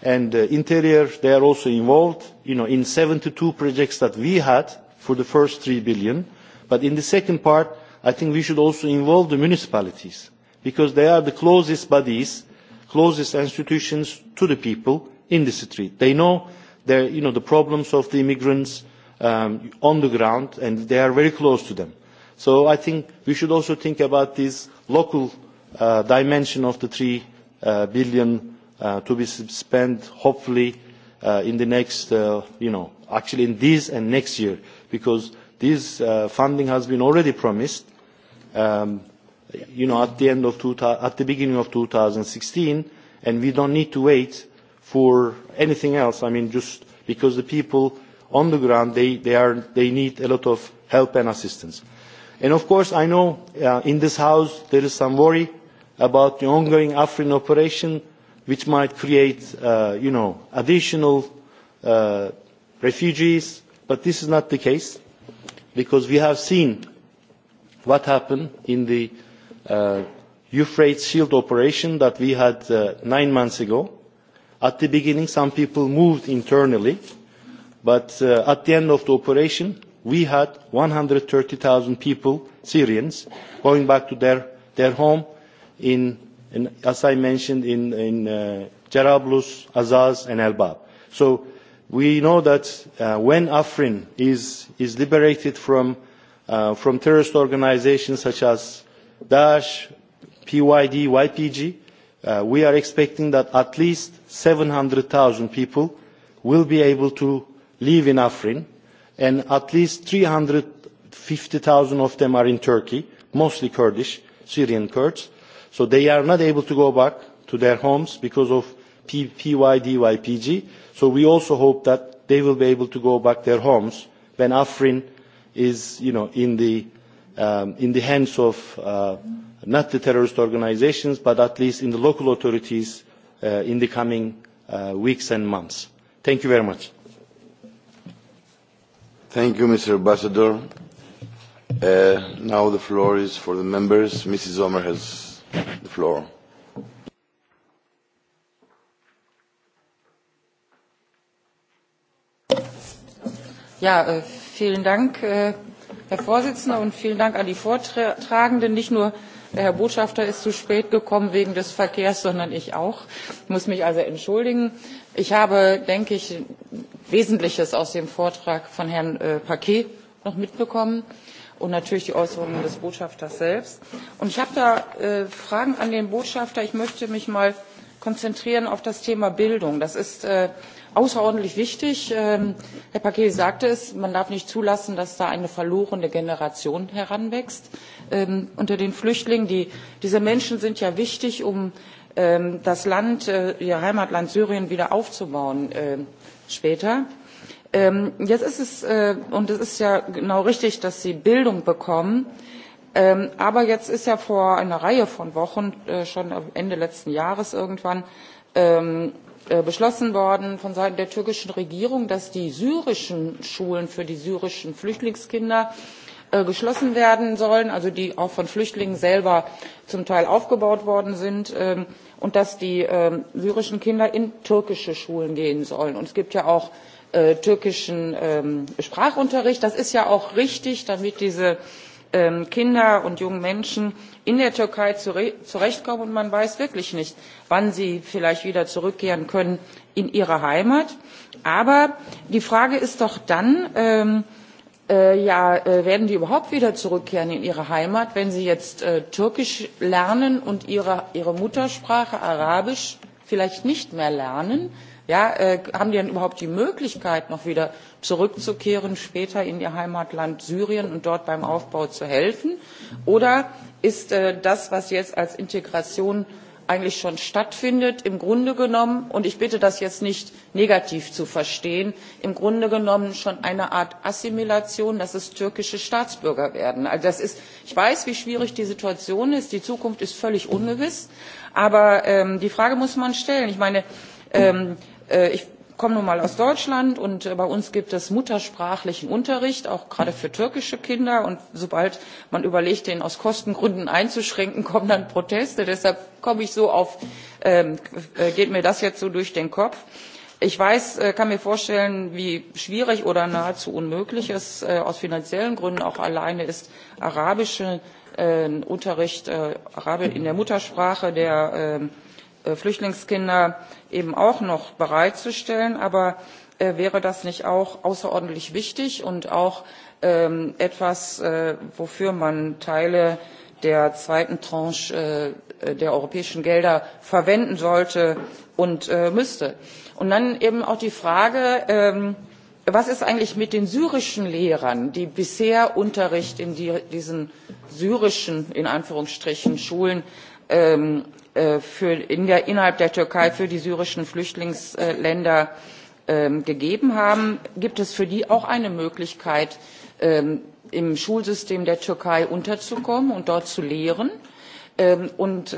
and the interior they are also involved in seventy two projects that we had for the first eur three billion but in the second part i think we should also involve the municipalities because they are the closest bodies closest institutions to the people in the street. they know the problems of the immigrants on the ground and they are very close to them. so i think we should also think about this local dimension of the three billion to be spent hopefully in the next, you know, actually in this and next year, because this funding has been already promised, you know, at the end of two, at the beginning of 2016, and we don't need to wait for anything else. I mean, just because the people on the ground, they, they, are, they need a lot of help and assistance. And of course, I know in this House there is some worry about the ongoing Afrin operation which might create uh, you know, additional uh, refugees, but this is not the case because we have seen what happened in the uh, Euphrates Shield operation that we had uh, nine months ago. At the beginning, some people moved internally, but uh, at the end of the operation, we had one hundred thirty 130,000 people, Syrians, going back to their, their home in in, as I mentioned, in, in uh, Jarablus, Azaz, and Elbab. So we know that uh, when Afrin is, is liberated from, uh, from terrorist organizations such as Daesh, PYD, YPG, uh, we are expecting that at least 700,000 people will be able to live in Afrin, and at least 350,000 of them are in Turkey, mostly Kurdish, Syrian Kurds So they are not able to go back to their homes because of PYDYPG. So we also hope that they will be able to go back to their homes when Afrin is, you know, in the, um, in the hands of uh, not the terrorist organizations, but at least in the local authorities uh, in the coming uh, weeks and months. Thank you very much. Thank you, Mr. Ambassador. Uh, now the floor is for the members. Mrs. Omer has the floor. Ja, vielen Dank, Herr Vorsitzender, und vielen Dank an die Vortragenden. Nicht nur der Herr Botschafter ist zu spät gekommen wegen des Verkehrs, sondern ich auch. Ich muss mich also entschuldigen. Ich habe, denke ich, Wesentliches aus dem Vortrag von Herrn Paquet noch mitbekommen. Äh, und natürlich die Äußerungen des Botschafters selbst. Und ich habe da Fragen an den Botschafter. Ich möchte mich mal konzentrieren auf das Thema Bildung. Das ist außerordentlich wichtig. Herr Paquet sagte es, man darf nicht zulassen, dass da eine verlorene Generation heranwächst unter den Flüchtlingen. diese Menschen sind ja wichtig, um das Land, ihr Heimatland Syrien wieder aufzubauen später jetzt ist es, und es ist ja genau richtig, dass sie Bildung bekommen, aber jetzt ist ja vor einer Reihe von Wochen, schon Ende letzten Jahres irgendwann, beschlossen worden von Seiten der türkischen Regierung, dass die syrischen Schulen für die syrischen Flüchtlingskinder geschlossen werden sollen, also die auch von Flüchtlingen selber zum Teil aufgebaut worden sind, und dass die syrischen Kinder in türkische Schulen gehen sollen. Und es gibt ja auch türkischen Sprachunterricht. Das ist ja auch richtig, damit diese Kinder und jungen Menschen in der Türkei zurechtkommen und man weiß wirklich nicht, wann sie vielleicht wieder zurückkehren können in ihre Heimat. Aber die Frage ist doch dann, ja, werden die überhaupt wieder zurückkehren in ihre Heimat, wenn sie jetzt Türkisch lernen und ihre, ihre Muttersprache Arabisch vielleicht nicht mehr lernen? Ja, äh, haben die denn überhaupt die Möglichkeit, noch wieder zurückzukehren, später in ihr Heimatland Syrien und dort beim Aufbau zu helfen? Oder ist äh, das, was jetzt als Integration eigentlich schon stattfindet im grunde genommen und ich bitte das jetzt nicht negativ zu verstehen im grunde genommen schon eine art assimilation dass es türkische staatsbürger werden. ich weiß wie schwierig die situation ist die zukunft ist völlig ungewiss aber die frage muss man stellen. ich meine ich komme nun mal aus deutschland und bei uns gibt es muttersprachlichen unterricht auch gerade für türkische kinder und sobald man überlegt den aus kostengründen einzuschränken kommen dann proteste deshalb komme ich so auf geht mir das jetzt so durch den kopf. ich weiß kann mir vorstellen wie schwierig oder nahezu unmöglich es aus finanziellen gründen auch alleine ist arabischen unterricht in der muttersprache der Flüchtlingskinder eben auch noch bereitzustellen. Aber wäre das nicht auch außerordentlich wichtig und auch etwas, wofür man Teile der zweiten Tranche der europäischen Gelder verwenden sollte und müsste. Und dann eben auch die Frage, was ist eigentlich mit den syrischen Lehrern, die bisher Unterricht in diesen syrischen, in Anführungsstrichen, Schulen innerhalb der türkei für die syrischen flüchtlingsländer gegeben haben gibt es für die auch eine möglichkeit im schulsystem der türkei unterzukommen und dort zu lehren? und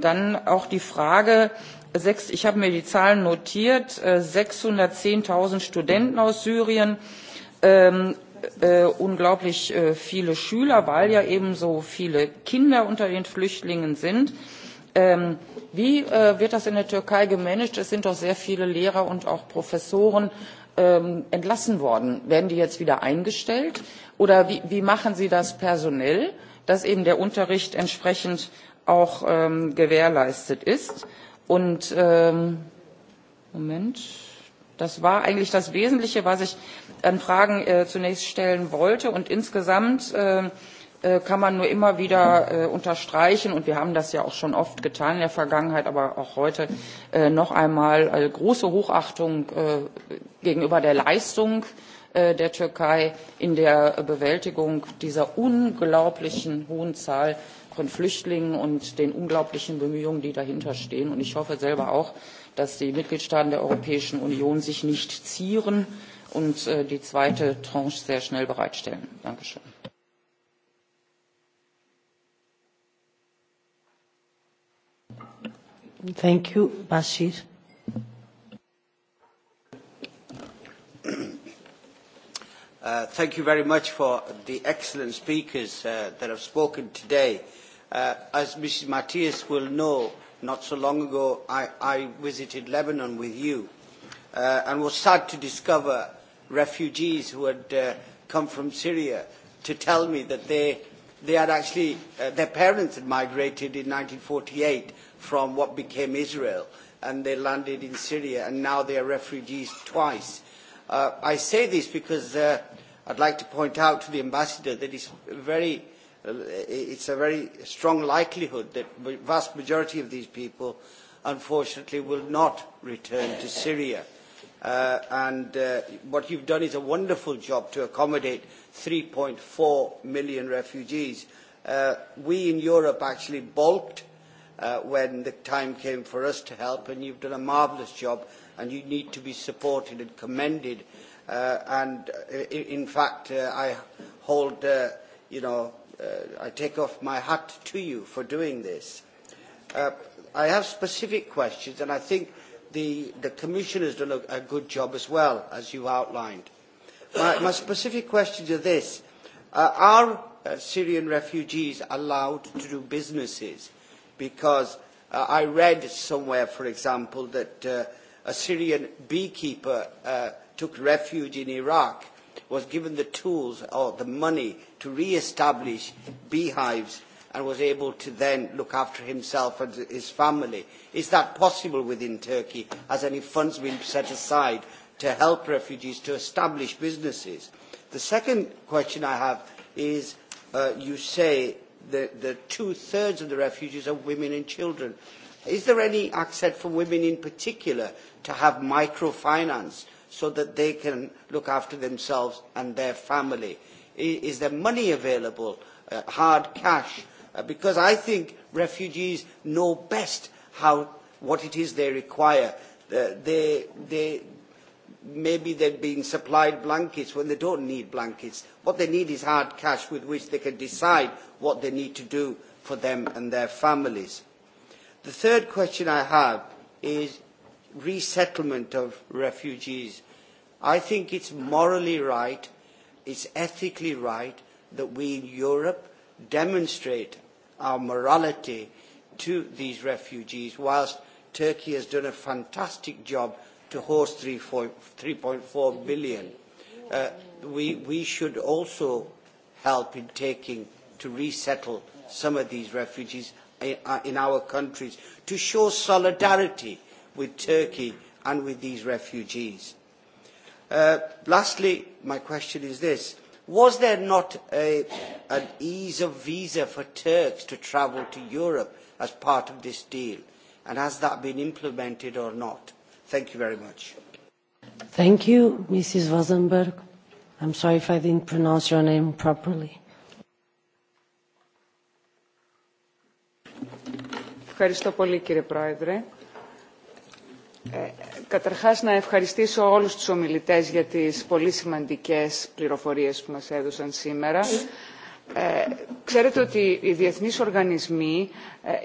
dann auch die frage ich habe mir die zahlen notiert sechshundertzehn null studenten aus syrien unglaublich viele schüler weil ja eben so viele kinder unter den flüchtlingen sind wie wird das in der türkei gemanagt? es sind doch sehr viele lehrer und auch professoren entlassen worden. werden die jetzt wieder eingestellt oder wie machen sie das personell dass eben der unterricht entsprechend auch gewährleistet ist? und moment das war eigentlich das wesentliche was ich an fragen zunächst stellen wollte und insgesamt kann man nur immer wieder unterstreichen und wir haben das ja auch schon oft getan in der Vergangenheit, aber auch heute noch einmal große Hochachtung gegenüber der Leistung der Türkei in der Bewältigung dieser unglaublichen hohen Zahl von Flüchtlingen und den unglaublichen Bemühungen, die dahinter stehen. Und ich hoffe selber auch, dass die Mitgliedstaaten der Europäischen Union sich nicht zieren und die zweite Tranche sehr schnell bereitstellen. Dankeschön. Thank you, Bashir. Uh, thank you very much for the excellent speakers uh, that have spoken today. Uh, as Mrs. Matthias will know, not so long ago I, I visited Lebanon with you uh, and was sad to discover refugees who had uh, come from Syria to tell me that they, they had actually, uh, their parents had migrated in 1948 from what became Israel, and they landed in Syria, and now they are refugees twice. Uh, I say this because uh, I'd like to point out to the ambassador that it's very, uh, it's a very strong likelihood that the vast majority of these people, unfortunately, will not return to Syria. Uh, and uh, what you've done is a wonderful job to accommodate 3.4 million refugees. Uh, we in Europe actually balked when the time came for us to help, and you've done a marvellous job, and you need to be supported and commended. and in fact, I hold, you know, I take off my hat to you for doing this. I have specific questions, and I think the, the Commission has done a, good job as well, as you outlined. My, my specific questions are this. are Syrian refugees allowed to do businesses? because uh, I read somewhere, for example, that uh, a Syrian beekeeper uh, took refuge in Iraq, was given the tools or the money to re-establish beehives and was able to then look after himself and his family. Is that possible within Turkey? Has any funds been set aside to help refugees to establish businesses? The second question I have is, uh, you say the, the two-thirds of the refugees are women and children. Is there any access for women in particular to have microfinance so that they can look after themselves and their family? Is there money available, uh, hard cash? Uh, because I think refugees know best how, what it is they require. Uh, they, they, maybe they're being supplied blankets when they don't need blankets. What they need is hard cash with which they can decide what they need to do for them and their families. The third question I have is resettlement of refugees. I think it's morally right, it's ethically right that we in Europe demonstrate our morality to these refugees whilst Turkey has done a fantastic job to host 3.4 billion. Uh, we, we should also help in taking to resettle some of these refugees in our countries to show solidarity with Turkey and with these refugees. Uh, lastly, my question is this. Was there not a, an ease of visa for Turks to travel to Europe as part of this deal? And has that been implemented or not? Thank you very much. Thank you, Mrs. Rosenberg. I'm sorry if I didn't pronounce your name properly. Ευχαριστώ πολύ κύριε Πρόεδρε. Ε, καταρχάς να ευχαριστήσω όλους τους ομιλητές για τις πολύ σημαντικές πληροφορίες που μας έδωσαν σήμερα. Ξέρετε ότι οι διεθνείς οργανισμοί,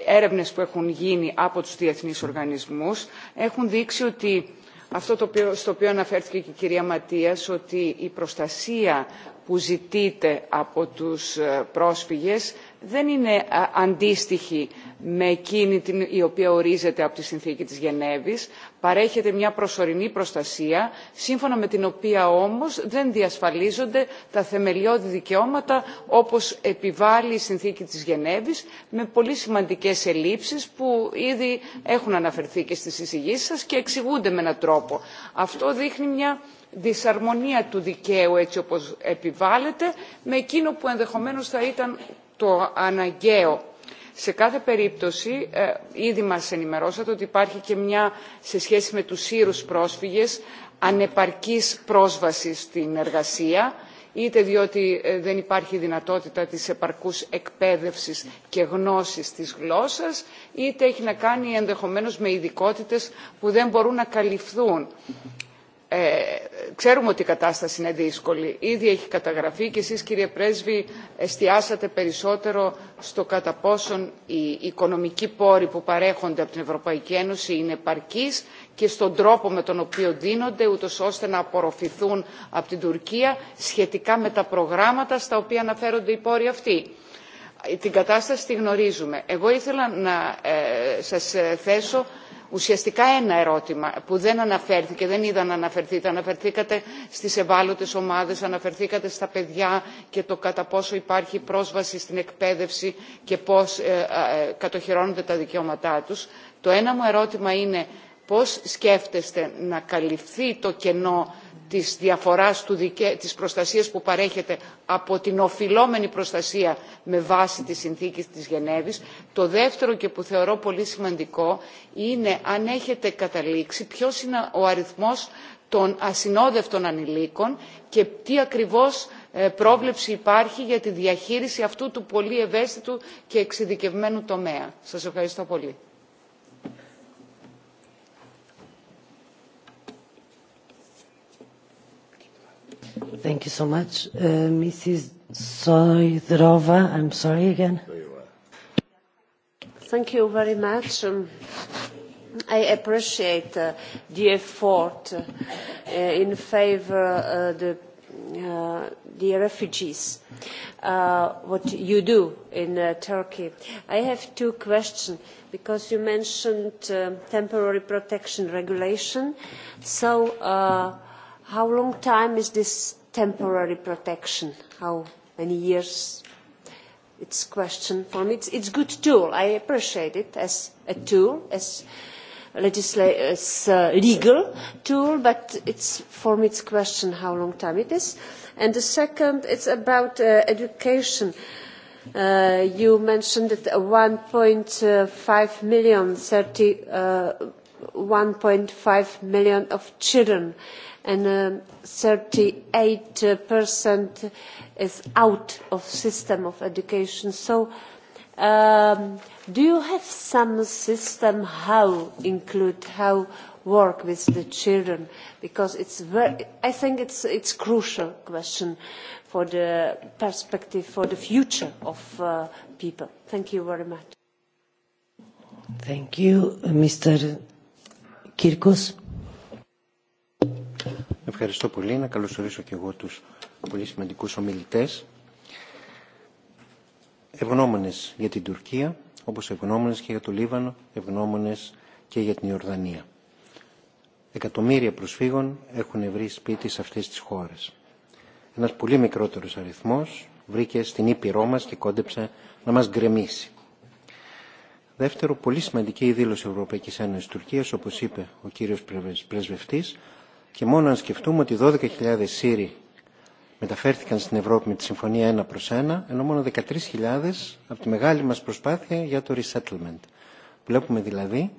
έρευνες που έχουν γίνει από τους διεθνείς οργανισμούς, έχουν δείξει ότι αυτό το οποίο, στο οποίο αναφέρθηκε και η κυρία Ματίας, ότι η προστασία που ζητείται από τους πρόσφυγες δεν είναι αντίστοιχη με εκείνη η οποία ορίζεται από τη συνθήκη της Γενέβης, παρέχεται μια προσωρινή προστασία, σύμφωνα με την οποία όμως δεν διασφαλίζονται τα θεμελιώδη δικαιώματα όπως επιβάλλει η συνθήκη της Γενέβης, με πολύ σημαντικές ελλείψεις που ήδη έχουν αναφερθεί και στις εισηγήσεις σας και εξηγούνται με έναν τρόπο. Αυτό δείχνει μια δυσαρμονία του δικαίου έτσι όπως επιβάλλεται με εκείνο που ενδεχομένως θα ήταν το αναγκαίο. Σε κάθε περίπτωση, ήδη μας ενημερώσατε ότι υπάρχει και μια, σε σχέση με τους Σύρους πρόσφυγες, ανεπαρκής πρόσβαση στην εργασία, είτε διότι δεν υπάρχει δυνατότητα της επαρκούς εκπαίδευσης και γνώσης της γλώσσας, είτε έχει να κάνει ενδεχομένως με ειδικότητε που δεν μπορούν να καλυφθούν ξέρουμε ότι η κατάσταση είναι δύσκολη. Ήδη έχει καταγραφεί και εσείς κύριε Πρέσβη εστιάσατε περισσότερο στο κατά πόσον οι οικονομικοί πόροι που παρέχονται από την Ευρωπαϊκή Ένωση είναι επαρκείς και στον τρόπο με τον οποίο δίνονται ούτως ώστε να απορροφηθούν από την Τουρκία σχετικά με τα προγράμματα στα οποία αναφέρονται οι πόροι αυτοί. Την κατάσταση τη γνωρίζουμε. Εγώ ήθελα να σας θέσω ουσιαστικά ένα ερώτημα που δεν αναφέρθηκε, δεν είδα να αναφερθείτε. Αναφερθήκατε στις ευάλωτες ομάδες, αναφερθήκατε στα παιδιά και το κατά πόσο υπάρχει πρόσβαση στην εκπαίδευση και πώς ε, ε, κατοχυρώνονται τα δικαιώματά τους. Το ένα μου ερώτημα είναι πώς σκέφτεστε να καλυφθεί το κενό της διαφοράς του δικαί... της προστασίας που παρέχεται από την οφειλόμενη προστασία με βάση τη συνθήκη της Γενέβης. Το δεύτερο και που θεωρώ πολύ σημαντικό είναι αν έχετε καταλήξει ποιος είναι ο αριθμός των ασυνόδευτων ανηλίκων και τι ακριβώς πρόβλεψη υπάρχει για τη διαχείριση αυτού του πολύ ευαίσθητου και εξειδικευμένου τομέα. Σας ευχαριστώ πολύ. Thank you so much. Uh, Mrs. Sojdrova, I'm sorry again. Thank you very much. Um, I appreciate uh, the effort uh, in favor uh, the uh, the refugees, uh, what you do in uh, Turkey. I have two questions because you mentioned uh, temporary protection regulation. So. Uh, How long time is this temporary protection? How many years? It's a question for me. It's, it's a good tool. I appreciate it as a tool, as as a legal tool, but it's, for me it's a question how long time it is. And the second, it's about uh, education. Uh, you mentioned that 1.5 million, 30, uh, 1.5 million of children and thirty eight is out of the system of education. So do you have some system how include, how work with the children? Because it's very, I think it's, it's crucial question for the perspective, for the future of uh, people. Thank you very much. Thank you, Mr. Ευχαριστώ πολύ. Να καλωσορίσω και εγώ τους πολύ σημαντικούς ομιλητές. Ευγνώμονες για την Τουρκία, όπως ευγνώμονες και για το Λίβανο, ευγνώμονες και για την Ιορδανία. Εκατομμύρια προσφύγων έχουν βρει σπίτι σε αυτές τις χώρες. Ένας πολύ μικρότερος αριθμός βρήκε στην Ήπειρό μας και κόντεψε να μας γκρεμίσει. Δεύτερο, πολύ σημαντική η δήλωση Ευρωπαϊκής Ένωσης Τουρκίας, όπως είπε ο κύριος πρεσβευτής, Και μόνο αν σκεφτούμε ότι 12.000 Σύριοι μεταφέρθηκαν στην Ευρώπη με τη συμφωνία ένα προς ένα, ενώ μόνο 13.000 από τη μεγάλη μας προσπάθεια για το resettlement. Βλέπουμε δηλαδή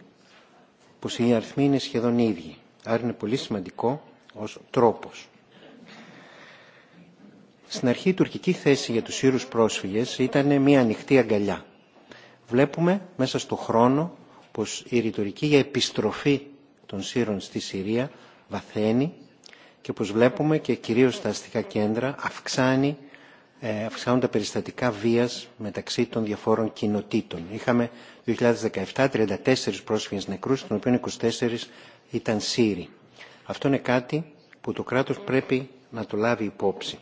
πως οι αριθμοί είναι σχεδόν ίδιοι. Άρα είναι πολύ σημαντικό ως τρόπος. Στην αρχή η τουρκική θέση για τους Σύρους πρόσφυγες ήταν μια ανοιχτή αγκαλιά. Βλέπουμε μέσα στο χρόνο πως η ρητορική για επιστροφή των Σύρων στη Συρία βαθαίνει και όπως βλέπουμε και κυρίως στα αστικά κέντρα αυξάνει, ε, αυξάνουν τα περιστατικά βίας μεταξύ των διαφόρων κοινοτήτων. Είχαμε 2017 34 πρόσφυγες νεκρούς, των οποίων 24 ήταν Σύριοι. Αυτό είναι κάτι που το κράτος πρέπει να το λάβει υπόψη.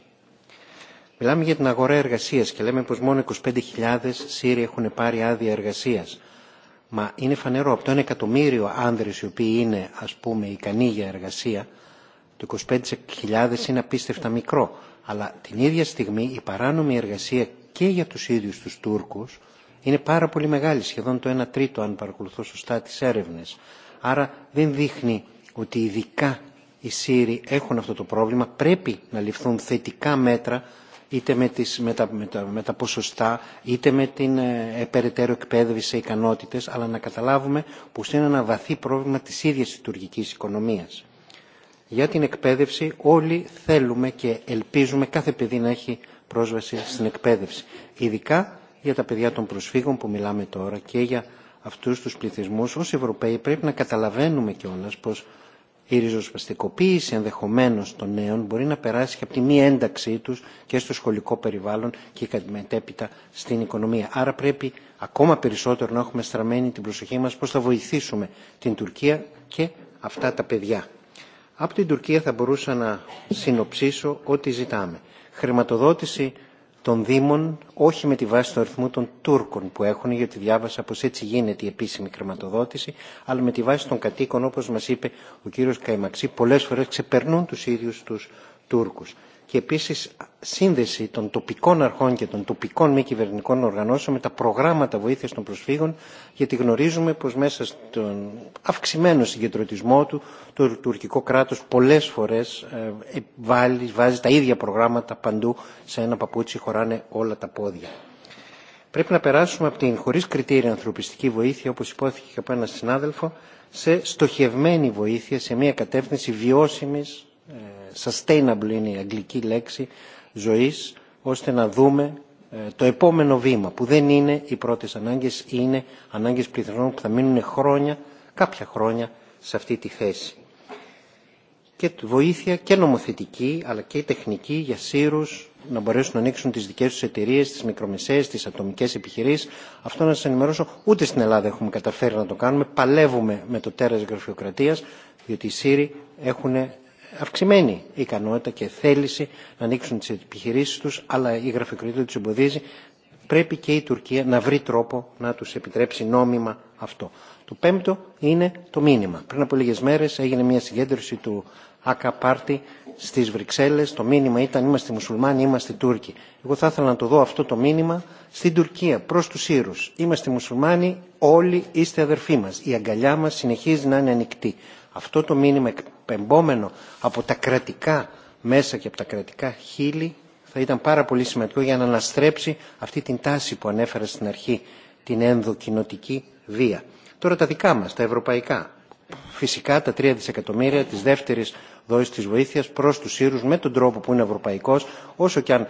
Μιλάμε για την αγορά εργασίας και λέμε πως μόνο 25.000 Σύριοι έχουν πάρει άδεια εργασίας. Μα είναι φανερό από το 1 εκατομμύριο άνδρες οι οποίοι είναι ας πούμε ικανοί για εργασία, το 25.000 είναι απίστευτα μικρό. Αλλά την ίδια στιγμή η παράνομη εργασία και για τους ίδιους τους Τούρκους είναι πάρα πολύ μεγάλη, σχεδόν το 1 τρίτο αν παρακολουθώ σωστά τις έρευνες. Άρα δεν δείχνει ότι ειδικά οι Σύριοι έχουν αυτό το πρόβλημα, πρέπει να ληφθούν θετικά μέτρα είτε με, τις, με, τα, με, τα, με τα ποσοστά, είτε με την ε, περαιτέρω εκπαίδευση σε ικανότητες, αλλά να καταλάβουμε πως είναι ένα βαθύ πρόβλημα της ίδιας της τουρκικής οικονομίας. Για την εκπαίδευση όλοι θέλουμε και ελπίζουμε κάθε παιδί να έχει πρόσβαση στην εκπαίδευση. Ειδικά για τα παιδιά των προσφύγων που μιλάμε τώρα και για αυτούς τους πληθυσμούς ως Ευρωπαίοι πρέπει να καταλαβαίνουμε κιόλας πως η ριζοσπαστικοποίηση ενδεχομένως των νέων μπορεί να περάσει και από τη μη ένταξή τους και στο σχολικό περιβάλλον και μετέπειτα στην οικονομία. Άρα πρέπει ακόμα περισσότερο να έχουμε στραμμένη την προσοχή μας πώς θα βοηθήσουμε την Τουρκία και αυτά τα παιδιά. Από την Τουρκία θα μπορούσα να συνοψίσω ό,τι ζητάμε. Χρηματοδότηση των Δήμων όχι με τη βάση του αριθμού των Τούρκων που έχουν, γιατί διάβασα πως έτσι γίνεται η επίσημη χρηματοδότηση, αλλά με τη βάση των κατοίκων, όπως μας είπε ο κύριος Καϊμαξή, πολλές φορές ξεπερνούν τους ίδιους τους Τούρκους και επίσης σύνδεση των τοπικών αρχών και των τοπικών μη κυβερνητικών οργανώσεων με τα προγράμματα βοήθειας των προσφύγων γιατί γνωρίζουμε πως μέσα στον αυξημένο συγκεντρωτισμό του το τουρκικό κράτος πολλές φορές βάλει, βάζει τα ίδια προγράμματα παντού σε ένα παπούτσι χωράνε όλα τα πόδια. Πρέπει να περάσουμε από την χωρίς κριτήρια ανθρωπιστική βοήθεια όπως υπόθηκε και από έναν συνάδελφο σε στοχευμένη βοήθεια σε μια κατεύθυνση βιώσιμης sustainable είναι η αγγλική λέξη, ζωής, ώστε να δούμε το επόμενο βήμα, που δεν είναι οι πρώτες ανάγκες, είναι ανάγκες πληθυνών που θα μείνουν χρόνια, κάποια χρόνια, σε αυτή τη θέση. Και βοήθεια και νομοθετική, αλλά και τεχνική για σύρους, να μπορέσουν να ανοίξουν τι δικέ του εταιρείε, τι μικρομεσαίε, τι ατομικέ επιχειρήσει. Αυτό να σα ενημερώσω, ούτε στην Ελλάδα έχουμε καταφέρει να το κάνουμε. Παλεύουμε με το τέρα γραφειοκρατία, διότι οι Σύροι έχουν αυξημένη ικανότητα και θέληση να ανοίξουν τις επιχειρήσεις τους, αλλά η γραφειοκρατία του εμποδίζει. Πρέπει και η Τουρκία να βρει τρόπο να τους επιτρέψει νόμιμα αυτό. Το πέμπτο είναι το μήνυμα. Πριν από λίγες μέρες έγινε μια συγκέντρωση του ΑΚΑ Πάρτι στις Βρυξέλλες. Το μήνυμα ήταν είμαστε μουσουλμάνοι, είμαστε Τούρκοι. Εγώ θα ήθελα να το δω αυτό το μήνυμα στην Τουρκία προς τους Σύρους. Είμαστε μουσουλμάνοι, όλοι είστε αδερφοί μας. Η αγκαλιά μας συνεχίζει να είναι ανοιχτή. Αυτό το μήνυμα εκπεμπόμενο από τα κρατικά μέσα και από τα κρατικά χείλη θα ήταν πάρα πολύ σημαντικό για να αναστρέψει αυτή την τάση που ανέφερα στην αρχή, την ενδοκοινοτική βία. Τώρα τα δικά μας, τα ευρωπαϊκά. Φυσικά τα 3 δισεκατομμύρια της δεύτερης δόση της βοήθειας προς τους Σύρους με τον τρόπο που είναι ευρωπαϊκός, όσο και αν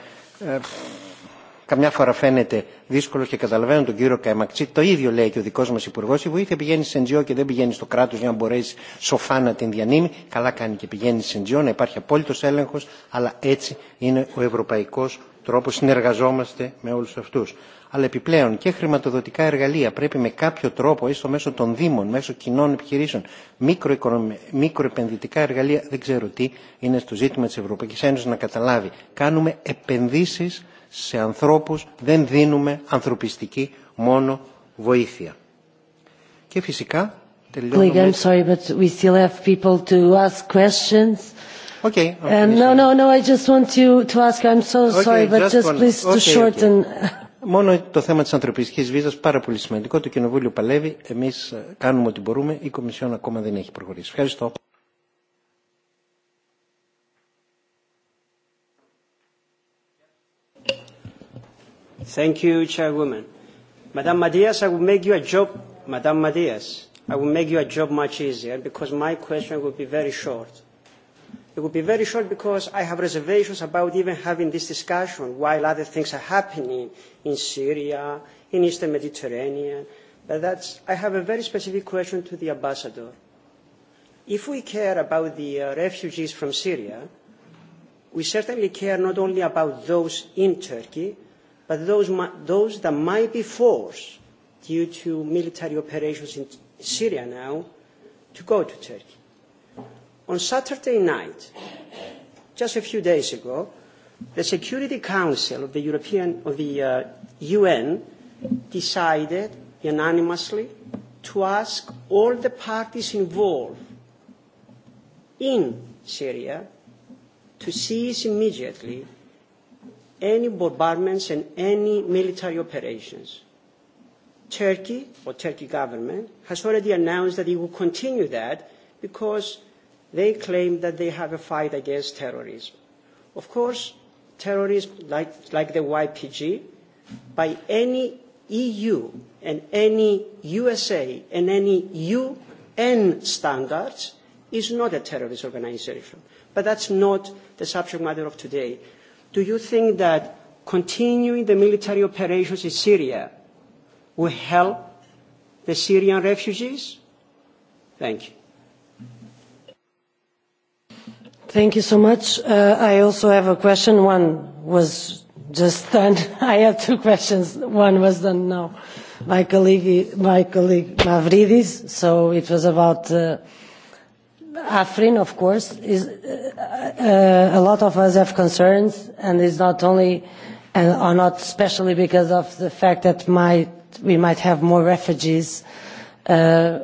καμιά φορά φαίνεται δύσκολο και καταλαβαίνω τον κύριο Καϊμαξή. Το ίδιο λέει και ο δικό μα υπουργό. Η βοήθεια πηγαίνει σε NGO και δεν πηγαίνει στο κράτο για να μπορέσει σοφά να την διανύμει. Καλά κάνει και πηγαίνει σε NGO, να υπάρχει απόλυτο έλεγχο, αλλά έτσι είναι ο ευρωπαϊκό τρόπο. Συνεργαζόμαστε με όλου αυτού. Αλλά επιπλέον και χρηματοδοτικά εργαλεία πρέπει με κάποιο τρόπο, έστω μέσω των Δήμων, μέσω κοινών επιχειρήσεων, μικροεπενδυτικά εργαλεία, δεν ξέρω τι, είναι στο ζήτημα τη Ευρωπαϊκή Ένωση να καταλάβει. Κάνουμε επενδύσει σε ανθρώπους, δεν δίνουμε ανθρωπιστική μόνο βοήθεια. Και φυσικά τελειώνουμε... I'm sorry, but we still have people to ask questions. Okay. Um, no, no, no, I just want to, to ask, I'm so okay, sorry, but just, just one... please okay, to shorten... Okay. Μόνο το θέμα της ανθρωπιστικής βίζας πάρα πολύ σημαντικό. Το Κοινοβούλιο παλεύει, εμείς κάνουμε ό,τι μπορούμε, η Κομισιόν ακόμα δεν έχει προχωρήσει. Ευχαριστώ. Thank you, Chairwoman. Madam Matias, I will make you a job, Madam Matias, I will make you a job much easier because my question will be very short. It will be very short because I have reservations about even having this discussion while other things are happening in Syria, in Eastern Mediterranean. But that's, I have a very specific question to the ambassador. If we care about the uh, refugees from Syria, we certainly care not only about those in Turkey, but those, those that might be forced due to military operations in Syria now to go to Turkey. On Saturday night, just a few days ago, the Security Council of the, European, of the uh, UN decided unanimously to ask all the parties involved in Syria to cease immediately any bombardments and any military operations. Turkey, or Turkey government, has already announced that it will continue that because they claim that they have a fight against terrorism. Of course, terrorism, like, like the YPG, by any EU and any USA and any UN standards, is not a terrorist organization. But that's not the subject matter of today do you think that continuing the military operations in Syria will help the Syrian refugees? Thank you. Thank you so much. Uh, I also have a question. One was just done. I have two questions. One was done now. My colleague, my colleague Mavridis, so it was about uh, Afrin, of course, is uh, a lot of us have concerns, and it's not only and are not especially because of the fact that might, we might have more refugees uh,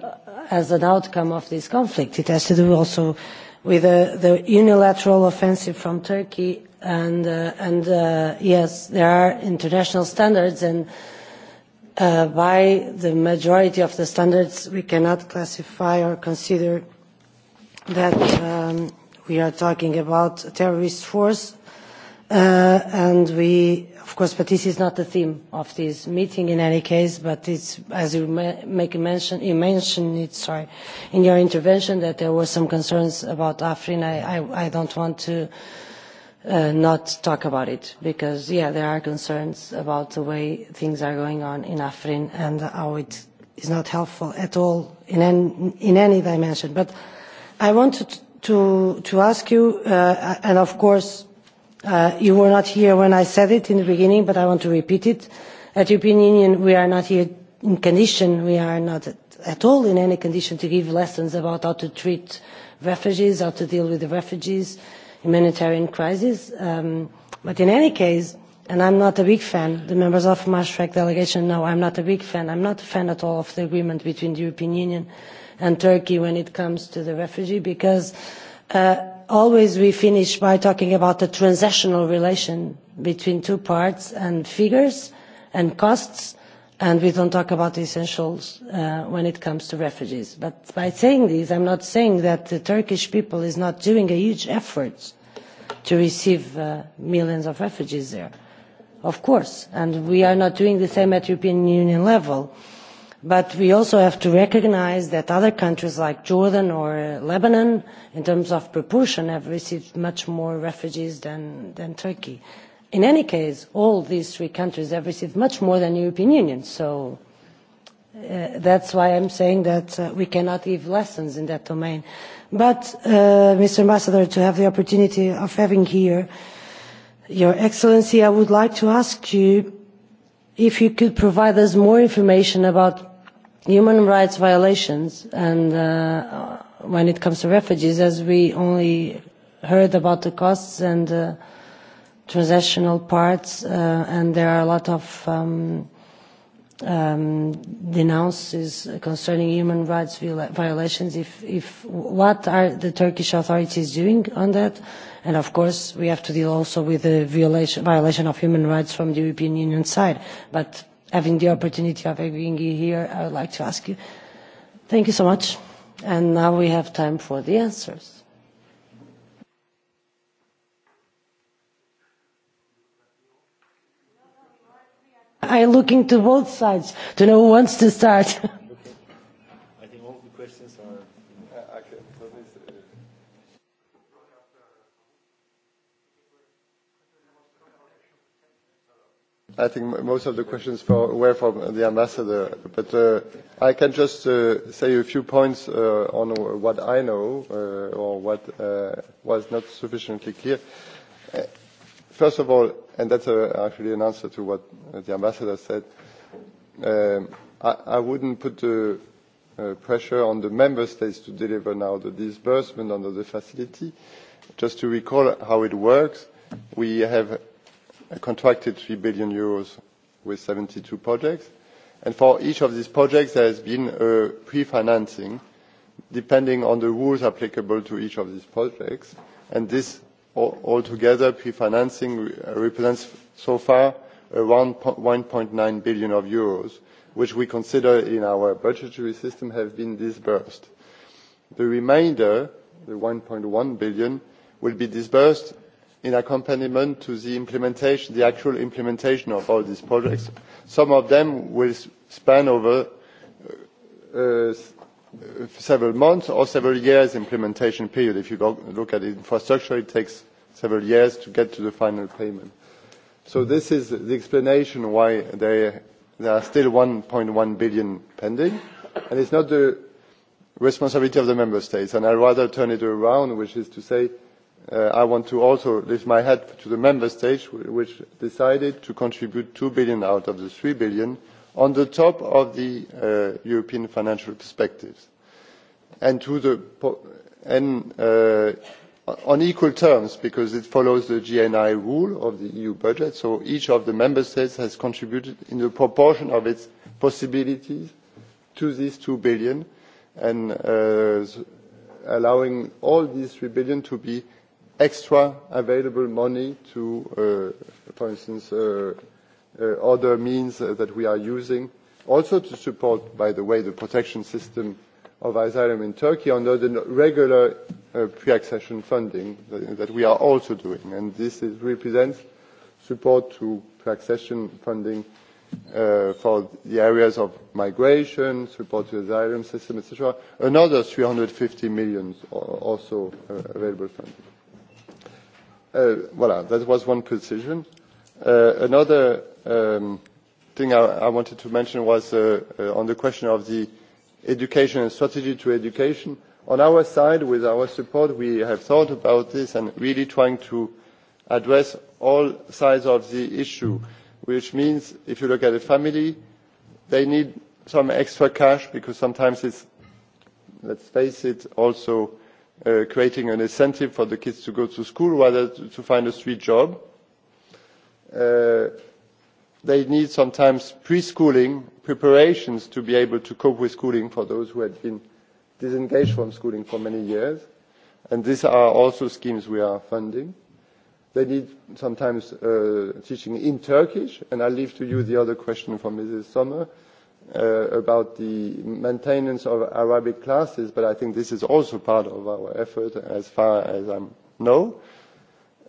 as an outcome of this conflict. It has to do also with uh, the unilateral offensive from Turkey, and uh, and uh, yes, there are international standards and. Uh, by the majority of the standards, we cannot classify or consider that um, we are talking about a terrorist force, uh, and we, of course, but this is not the theme of this meeting in any case, but it's, as you make mention, you mentioned it, sorry, in your intervention that there were some concerns about Afrin. I, I, I don't want to uh, not talk about it because, yeah, there are concerns about the way things are going on in Afrin and how it is not helpful at all in any, in any dimension. But I wanted to, to ask you, uh, and of course, uh, you were not here when I said it in the beginning, but I want to repeat it. At European Union, we are not here in condition, we are not at, at all in any condition to give lessons about how to treat refugees, how to deal with the refugees, humanitarian crisis. Um, but in any case, and I'm not a big fan, the members of the Maastricht delegation know I'm not a big fan, I'm not a fan at all of the agreement between the European Union and Turkey when it comes to the refugee, because uh, always we finish by talking about the transactional relation between two parts and figures and costs, and we don't talk about the essentials uh, when it comes to refugees. But by saying this, I'm not saying that the Turkish people is not doing a huge effort to receive uh, millions of refugees there. Of course, and we are not doing the same at European Union level. Uh, But we also have to recognise that other countries like Jordan or Lebanon, in terms of proportion, have received much more refugees than, than Turkey. In any case, all these three countries have received much more than the European Union. So uh, that's why I'm saying that uh, we cannot give lessons in that domain. But, uh, Mr. Ambassador, to have the opportunity of having here Your Excellency, I would like to ask you if you could provide us more information about human rights violations and uh, when it comes to refugees, as we only heard about the costs and uh, transactional parts, uh, and there are a lot of um, um, denounces concerning human rights violations. If, if what are the Turkish authorities doing on that? And of course, we have to deal also with the violation, violation of human rights from the European Union side. But having the opportunity of having you here, I would like to ask you. Thank you so much. And now we have time for the answers. I'm looking to both sides to know who wants to start. I think most of the questions for, were from the ambassador, but uh, I can just uh, say a few points uh, on what I know uh, or what uh, was not sufficiently clear. First of all, and that's uh, actually an answer to what uh, the ambassador said, um, I, I wouldn't put the uh, pressure on the member states to deliver now the disbursement under the facility. Just to recall how it works, we have contracted 3 billion euros with 72 projects. And for each of these projects, there has been a pre-financing depending on the rules applicable to each of these projects. And this altogether, pre-financing represents so far around 1.9 billion of euros, which we consider in our budgetary system have been disbursed. The remainder, the 1.1 billion, will be disbursed in accompaniment to the implementation, the actual implementation of all these projects. Some of them will span over uh, several months or several years implementation period. If you go, look at infrastructure, it takes several years to get to the final payment. So this is the explanation why they, there are still 1.1 billion pending. And it's not the responsibility of the member states. And I'd rather turn it around, which is to say, uh, I want to also lift my hat to the member states which decided to contribute 2 billion out of the 3 billion on the top of the uh, European financial perspectives and to the and uh, on equal terms because it follows the GNI rule of the EU budget so each of the member states has contributed in the proportion of its possibilities to these 2 billion and uh, allowing all these 3 billion to be uh, extra available money to, uh, for instance, uh, uh, other means that we are using, also to support, by the way, the protection system of asylum in Turkey under the regular uh, pre-accession funding that, that we are also doing. And this is, represents support to pre-accession funding uh, for the areas of migration, support to the asylum system, etc. Another 350 million also uh, available funding. Voilà, that was one precision. Another um thing I I wanted to mention was uh uh on the question of the education and strategy to education. On our side, with our support, we have thought about this and really trying to address all sides of the issue, which means if you look at a family, they need some extra cash because sometimes it's, let's face it, also uh, creating an incentive for the kids to go to school rather to, to find a street job. Uh, they need sometimes preschooling preparations to be able to cope with schooling for those who had been disengaged from schooling for many years. And these are also schemes we are funding. They need sometimes uh, teaching in Turkish, and I leave to you the other question from Mrs. Sommer uh, about the maintenance of Arabic classes, but I think this is also part of our effort as far as I know.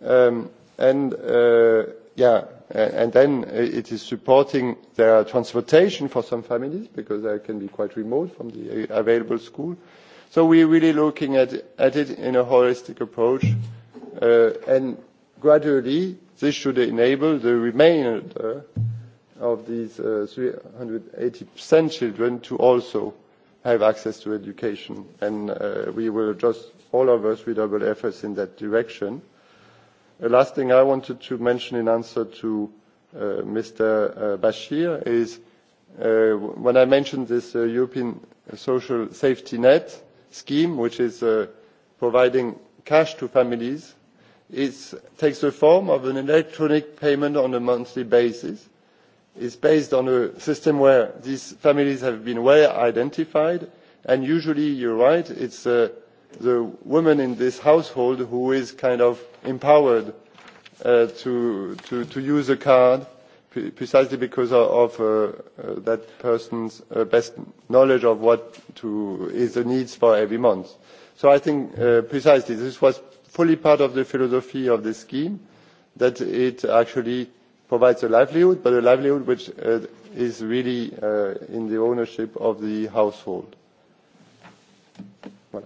Um, and uh, yeah, and then it is supporting their transportation for some families because they can be quite remote from the available school. So we're really looking at, at it in a holistic approach, uh, and gradually this should enable the remainder of these uh, 380% children to also have access to education. And uh, we will adjust all of us, redouble efforts in that direction. The last thing I wanted to mention in answer to uh, Mr. Bashir is uh, when I mentioned this uh, European social safety net scheme, which is uh, providing cash to families, it takes the form of an electronic payment on a monthly basis is based on a system where these families have been well identified, and usually, you're right, it's uh, the woman in this household who is kind of empowered uh, to, to, to use a card precisely because of, of uh, uh, that person's uh, best knowledge of what to, is the needs for every month. So I think uh, precisely this was fully part of the philosophy of this scheme, that it actually provides a livelihood, but a livelihood which uh, is really uh, in the ownership of the household. Voilà.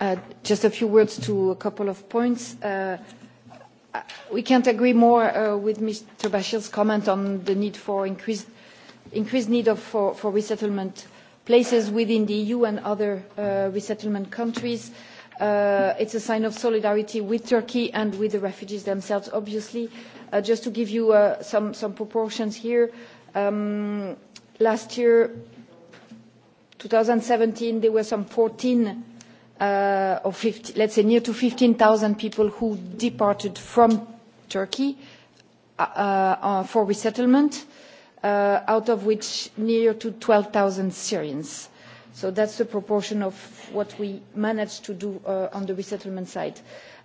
Uh, just a few words to a couple of points. Uh, we can't agree more uh, with Mr. Bashir's comment on the need for increased, increased need of, for, for resettlement places within the EU and other uh, resettlement countries. Uh, It is a sign of solidarity with Turkey and with the refugees themselves, obviously. Just to give you some proportions here, last year, 2017, there were some 14 or 50, let's say near to 15,000 people who departed from Turkey for resettlement, out of which near to 12,000 Syrians So that's the proportion of what we managed to do on the resettlement side.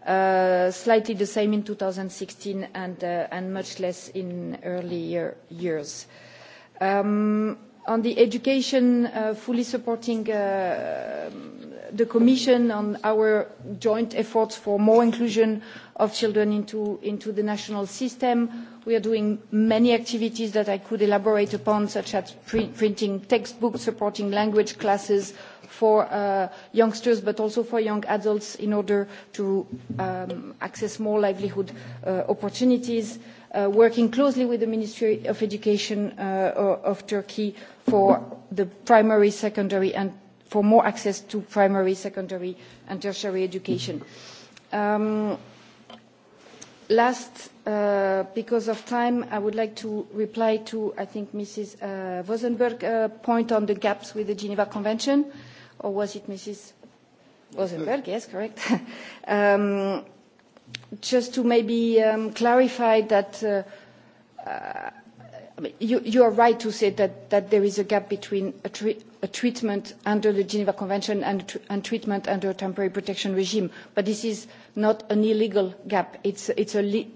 Slightly the same in 2016 and much less in earlier years. On the education, fully supporting the Commission on our joint efforts for more inclusion of children into, the national system. We are doing many activities that I could elaborate upon, such as printing textbooks, supporting language classes for youngsters, but also for young adults in order to access more livelihood opportunities, working closely with the Ministry of Education of Turkey for the primary, secondary, and for more access to primary, secondary, and tertiary education. Um, Last, uh because of time, I would like to reply to, I think, Mrs. Rosenberg's point on the gaps with the Geneva Convention, or was it Mrs. Rosenberg? Yes, correct. Just to maybe um clarify that uh you you are right to say that that there is a gap between a treatment under the Geneva Convention and treatment under a temporary protection regime, but this is not an illegal gap. It's, it's a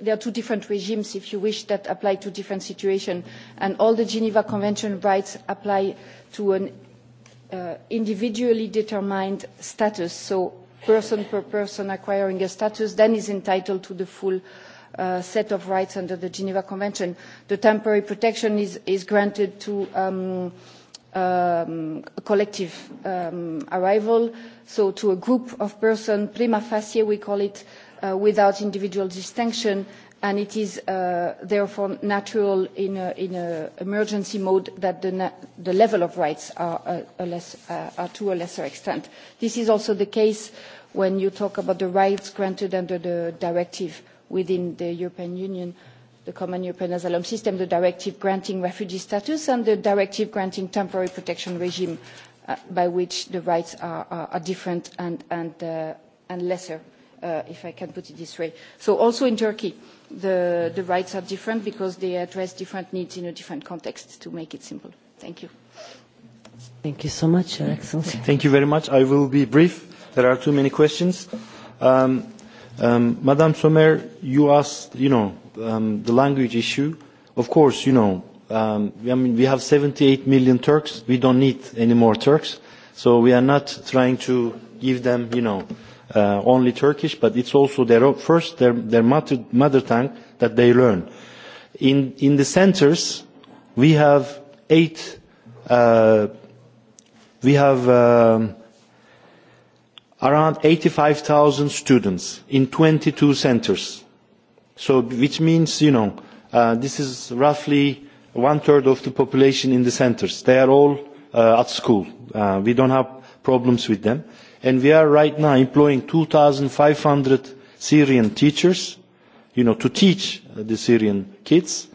there are two different regimes, if you wish, that apply to different situations. And all the Geneva Convention rights apply to an uh, individually determined status. So person per person acquiring a status then is entitled to the full set of rights under the Geneva Convention. The temporary protection is, granted to um, collective um, arrival, so to a group of persons, prima facie we call it, uh, without individual distinction, and it is uh, therefore natural in an in a emergency mode that the, na the level of rights are, a, a less, uh, are to a lesser extent. This is also the case when you talk about the rights granted under the directive within the European Union the Common European Asylum System, the directive granting refugee status, and the directive granting temporary protection regime by which the rights are, are, are different and, and, lesser, if I can put it this way. So also in Turkey, the, the rights are different because they address different needs in a different context, to make it simple. Thank you. Thank you so much, Your Excellency. Thank you very much. I will be brief. There are too many questions. Um, um, Madame Sommer, you asked, you know, um, the language issue, of course, you know, um, I mean, we have 78 million Turks. We don't need any more Turks. So we are not trying to give them, you know, uh, only Turkish, but it's also their own, first their, their mother, mother tongue that they learn. In, in the centers, we have eight, uh, we have um, around 85,000 students in 22 centers So which means, you know, uh, this is roughly one-third of the population in the centers. They are all uh, at school. Uh, we don't have problems with them. And we are right now employing 2,500 Syrian teachers, you know, to teach the Syrian kids.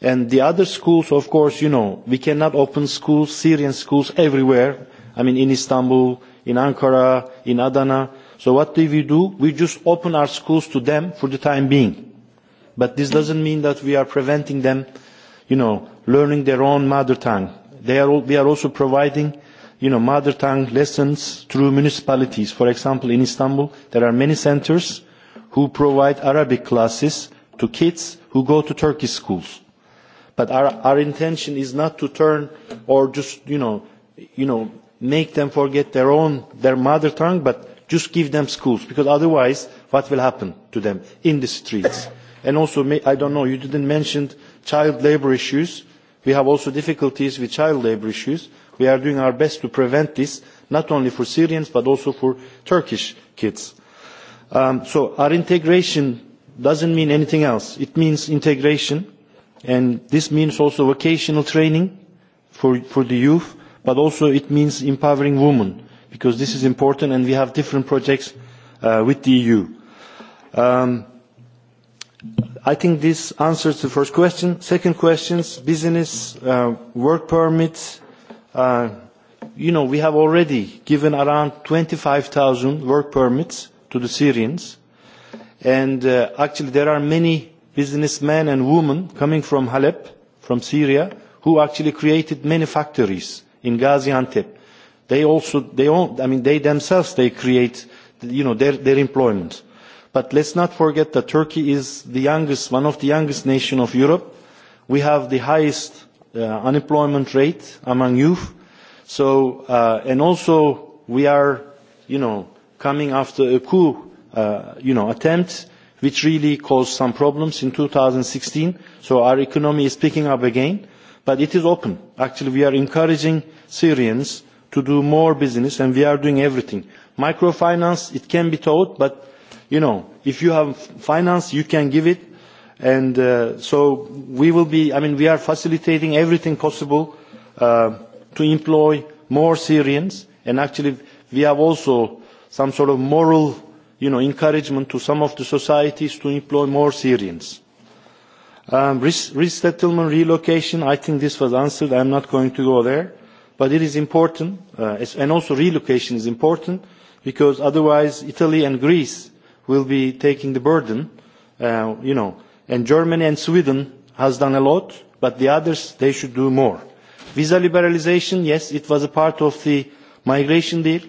And the other schools, of course, you know, we cannot open schools, Syrian schools everywhere. I mean, in Istanbul, in Ankara, in Adana. So what do we do? We just open our schools to them for the time being But this doesn't mean that we are preventing them, you know, learning their own mother tongue. They are, we are also providing, you know, mother tongue lessons through municipalities. For example, in Istanbul, there are many centers who provide Arabic classes to kids who go to Turkish schools. But our, our intention is not to turn or just, you know, you know, make them forget their own, their mother tongue, but just give them schools, because otherwise, what will happen to them in the streets? And also, I don't know, you didn't mention child labour issues. We have also difficulties with child labour issues. We are doing our best to prevent this, not only for Syrians, but also for Turkish kids. so our integration doesn't mean anything else. It means integration, and this means also vocational training for, for the youth, but also it means empowering women, because this is important, and we have different projects with the EU. Um, I think this answers the first question. Second question business, work permits. you know, we have already given around 25,000 work permits to the Syrians. And actually there are many businessmen and women coming from Halep, from Syria, who actually created many factories in Gaziantep. They also, they own, I mean, they themselves, they create, you know, their, their employment But let's not forget that Turkey is the youngest, one of the youngest nations of Europe. We have the highest unemployment rate among youth. So, and also we are, you know, coming after a coup, you know, attempt which really caused some problems in 2016. So our economy is picking up again, but it is open. Actually, we are encouraging Syrians to do more business, and we are doing everything. Microfinance, it can be taught, but you know, if you have finance, you can give it. And uh, so we will be, I mean, we are facilitating everything possible uh, to employ more Syrians. And actually, we have also some sort of moral, you know, encouragement to some of the societies to employ more Syrians. Um, resettlement, relocation, I think this was answered. I'm not going to go there. But it is important, uh, and also relocation is important, because otherwise Italy and Greece will be taking the burden, uh, you know. And Germany and Sweden has done a lot, but the others, they should do more. Visa liberalisation yes, it was a part of the migration deal.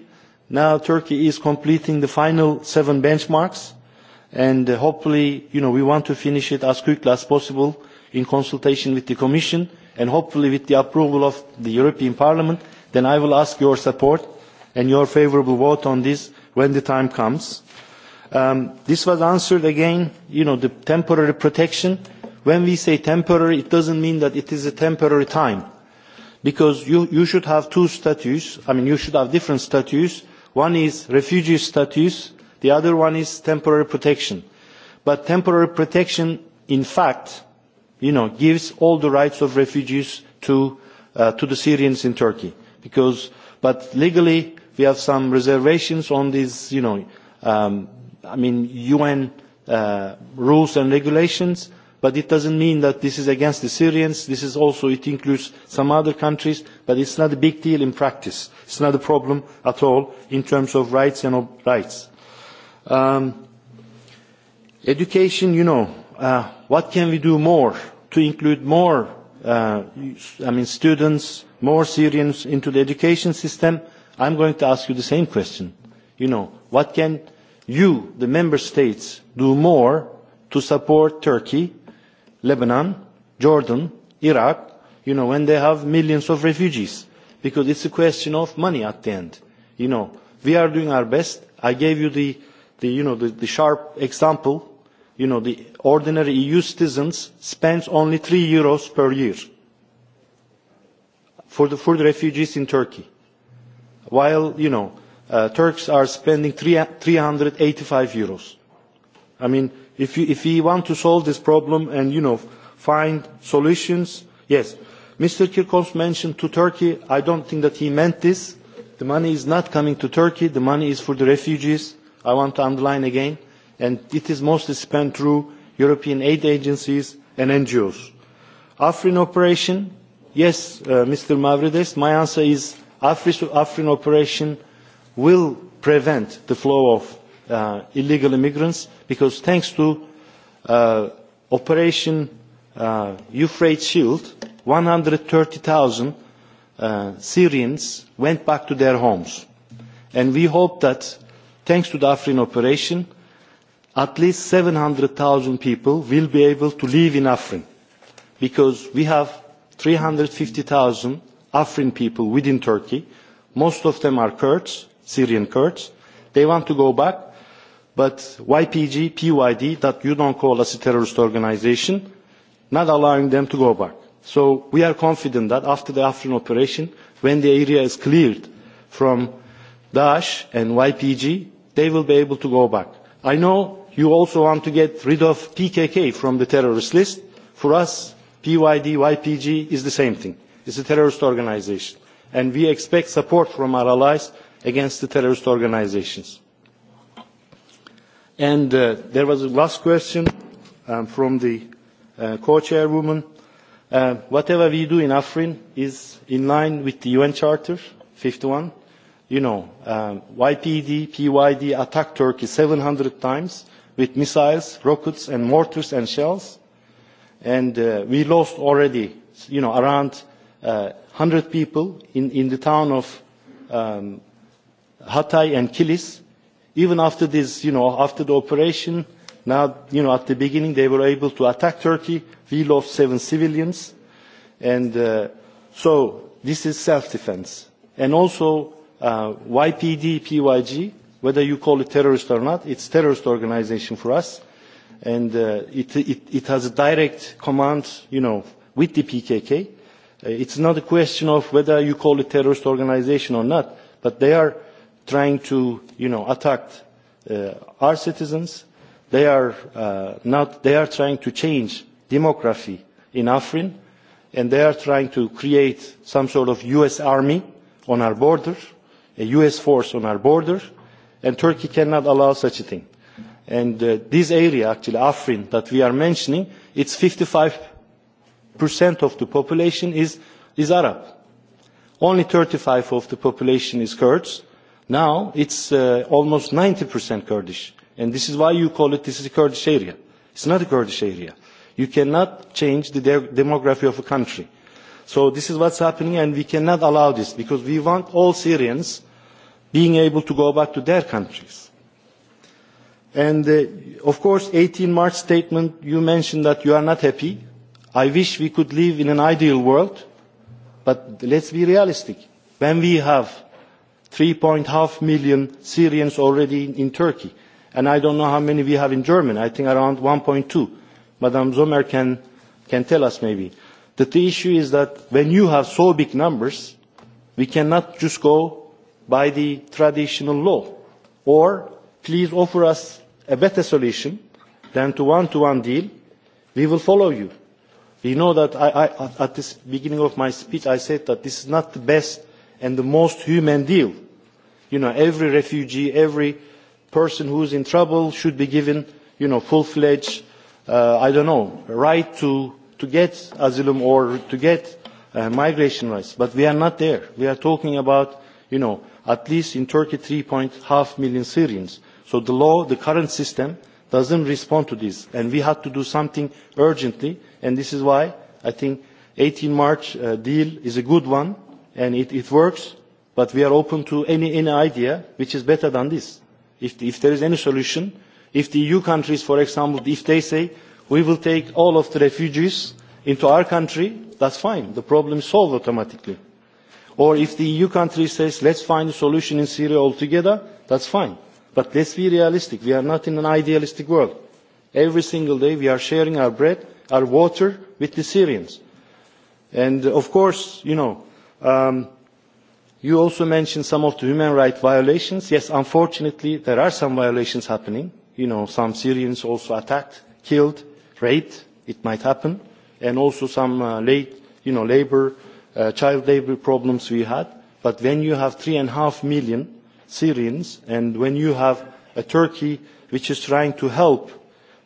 Now Turkey is completing the final seven benchmarks, and hopefully, you know, we want to finish it as quickly as possible in consultation with the Commission and hopefully with the approval of the European Parliament, then I will ask your support and your favourable vote on this when the time comes. Um, this was answered again, you know, the temporary protection. When we say temporary, it doesn't mean that it is a temporary time. Because you, you should have two statutes, I mean, you should have different statutes. One is refugee status, the other one is temporary protection. But temporary protection, in fact, you know, gives all the rights of refugees to, uh, to the Syrians in Turkey. Because, but legally, we have some reservations on these, you know, um, I mean, UN uh, rules and regulations, but it doesn't mean that this is against the Syrians. This is also, it includes some other countries, but it's not a big deal in practice. It's not a problem at all in terms of rights and of rights. Um, education, you know, uh, what can we do more to include more uh, I mean, students, more Syrians into the education system? I'm going to ask you the same question. You know, what can you the member states do more to support turkey lebanon jordan iraq you know when they have millions of refugees because it's a question of money at the end you know we are doing our best i gave you the the you know the, the sharp example you know the ordinary eu citizens spend only 3 euros per year for the for refugees in turkey while you know Turks are spending three hundred and eighty five euros. I mean, if, you, if we want to solve this problem and, you know, find solutions, yes. Mr. Kirkos mentioned to Turkey, I don't think that he meant this. The money is not coming to Turkey. The money is for the refugees. I want to underline again. And it is mostly spent through European aid agencies and NGOs. Afrin operation, yes, Mr. Mavrides, my answer is Afrin operation – will prevent the flow of uh, illegal immigrants because thanks to uh, Operation uh, Euphrates Shield, 130,000 uh, Syrians went back to their homes. And we hope that thanks to the Afrin operation, at least 700,000 people will be able to live in Afrin because we have 350,000 Afrin people within Turkey. Most of them are Kurds Syrian Kurds. They want to go back, but YPG, PYD, that you don't call as a terrorist organization, not allowing them to go back. So we are confident that after the Afrin operation, when the area is cleared from Daesh and YPG, they will be able to go back. I know you also want to get rid of PKK from the terrorist list. For us, PYD, YPG is the same thing. It's a terrorist organisation. And we expect support from our allies against the terrorist organisations. And uh, there was a last question um, from the uh, co-chairwoman. Uh, whatever we do in Afrin is in line with the UN Charter 51. You know, um, YPD, PYD attacked Turkey 700 times with missiles, rockets, and mortars and shells. And uh, we lost already, you know, around uh, 100 people in, in the town of um, Hatay and Kilis. Even after this, you know, after the operation, now, you know, at the beginning they were able to attack Turkey. We lost seven civilians. And uh, so this is self-defense. And also uh, YPD, PYG, whether you call it terrorist or not, it's terrorist organization for us. And uh, it, it, it has a direct command, you know, with the PKK. Uh, it's not a question of whether you call it terrorist organization or not, but they are – trying to, you know, attack uh, our citizens. They are uh, not. They are trying to change demography in Afrin, and they are trying to create some sort of U.S. army on our border, a U.S. force on our border, and Turkey cannot allow such a thing. And uh, this area, actually Afrin, that we are mentioning, it's 55 percent of the population is is Arab. Only 35 of the population is Kurds Now it's is almost ninety Kurdish, and this is why you call it this a Kurdish area. It is not a Kurdish area. You cannot change the de- demography of a country. So this is what is happening, and we cannot allow this because we want all Syrians being able to go back to their countries. And uh, of course, 18 March statement, you mentioned that you are not happy. I wish we could live in an ideal world, but let's be realistic. When we have three five million Syrians already in Turkey. And I don't know how many we have in Germany. I think around one two. Madam Zomer can, can tell us maybe. That the issue is that when you have so big numbers, we cannot just go by the traditional law. Or please offer us a better solution than to one-to-one deal. We will follow you. We know that I, I, at the beginning of my speech, I said that this is not the best and the most human deal You know, every refugee, every person who is in trouble should be given, you know, full-fledged, uh, I don't know, right to, to get asylum or to get uh, migration rights. But we are not there. We are talking about, you know, at least in Turkey, 3.5 million Syrians. So the law, the current system, doesn't respond to this. And we have to do something urgently. And this is why I think 18 March uh, deal is a good one and it, it works But we are open to any, any idea which is better than this. If, if there is any solution, if the EU countries, for example, if they say, we will take all of the refugees into our country, that's fine. The problem is solved automatically. Or if the EU country says, let's find a solution in Syria altogether, that's fine. But let's be realistic. We are not in an idealistic world. Every single day we are sharing our bread, our water with the Syrians. And of course, you know, um, You also mentioned some of the human rights violations. Yes, unfortunately, there are some violations happening. You know, some Syrians also attacked, killed, raped. It might happen. And also some uh, late, you know, labor, uh, child labor problems we had. But when you have three and a half million Syrians, and when you have a Turkey which is trying to help,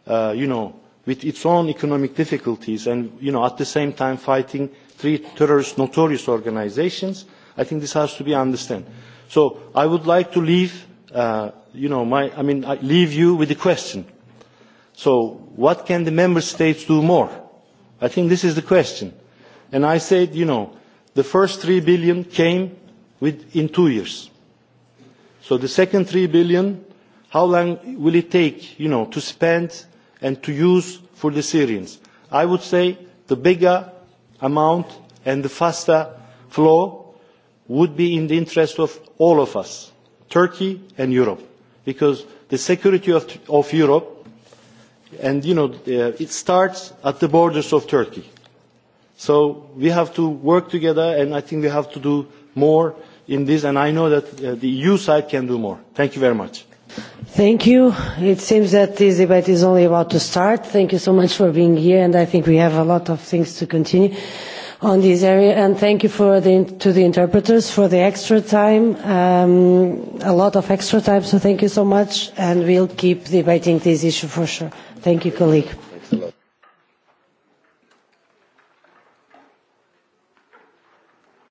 uh, you know, with its own economic difficulties, and you know, at the same time fighting three terrorist notorious organizations, I think this has to be understood. So I would like to leave, uh, you know, my, I mean, I leave you with a question. So what can the member states do more? I think this is the question. And I said, you know, the first three billion came with, in two years. So the second three billion, how long will it take, you know, to spend and to use for the Syrians? I would say the bigger amount and the faster flow would be in the interest of all of us, Turkey and Europe, because the security of, of Europe, and you know, it starts at the borders of Turkey. So we have to work together, and I think we have to do more in this, and I know that uh, the EU side can do more. Thank you very much. Thank you. It seems that this debate is only about to start. Thank you so much for being here, and I think we have a lot of things to continue on this area and thank you for the, to the interpreters for the extra time, um, a lot of extra time, so thank you so much and we'll keep debating this issue for sure. Thank you, colleague. Thanks a lot.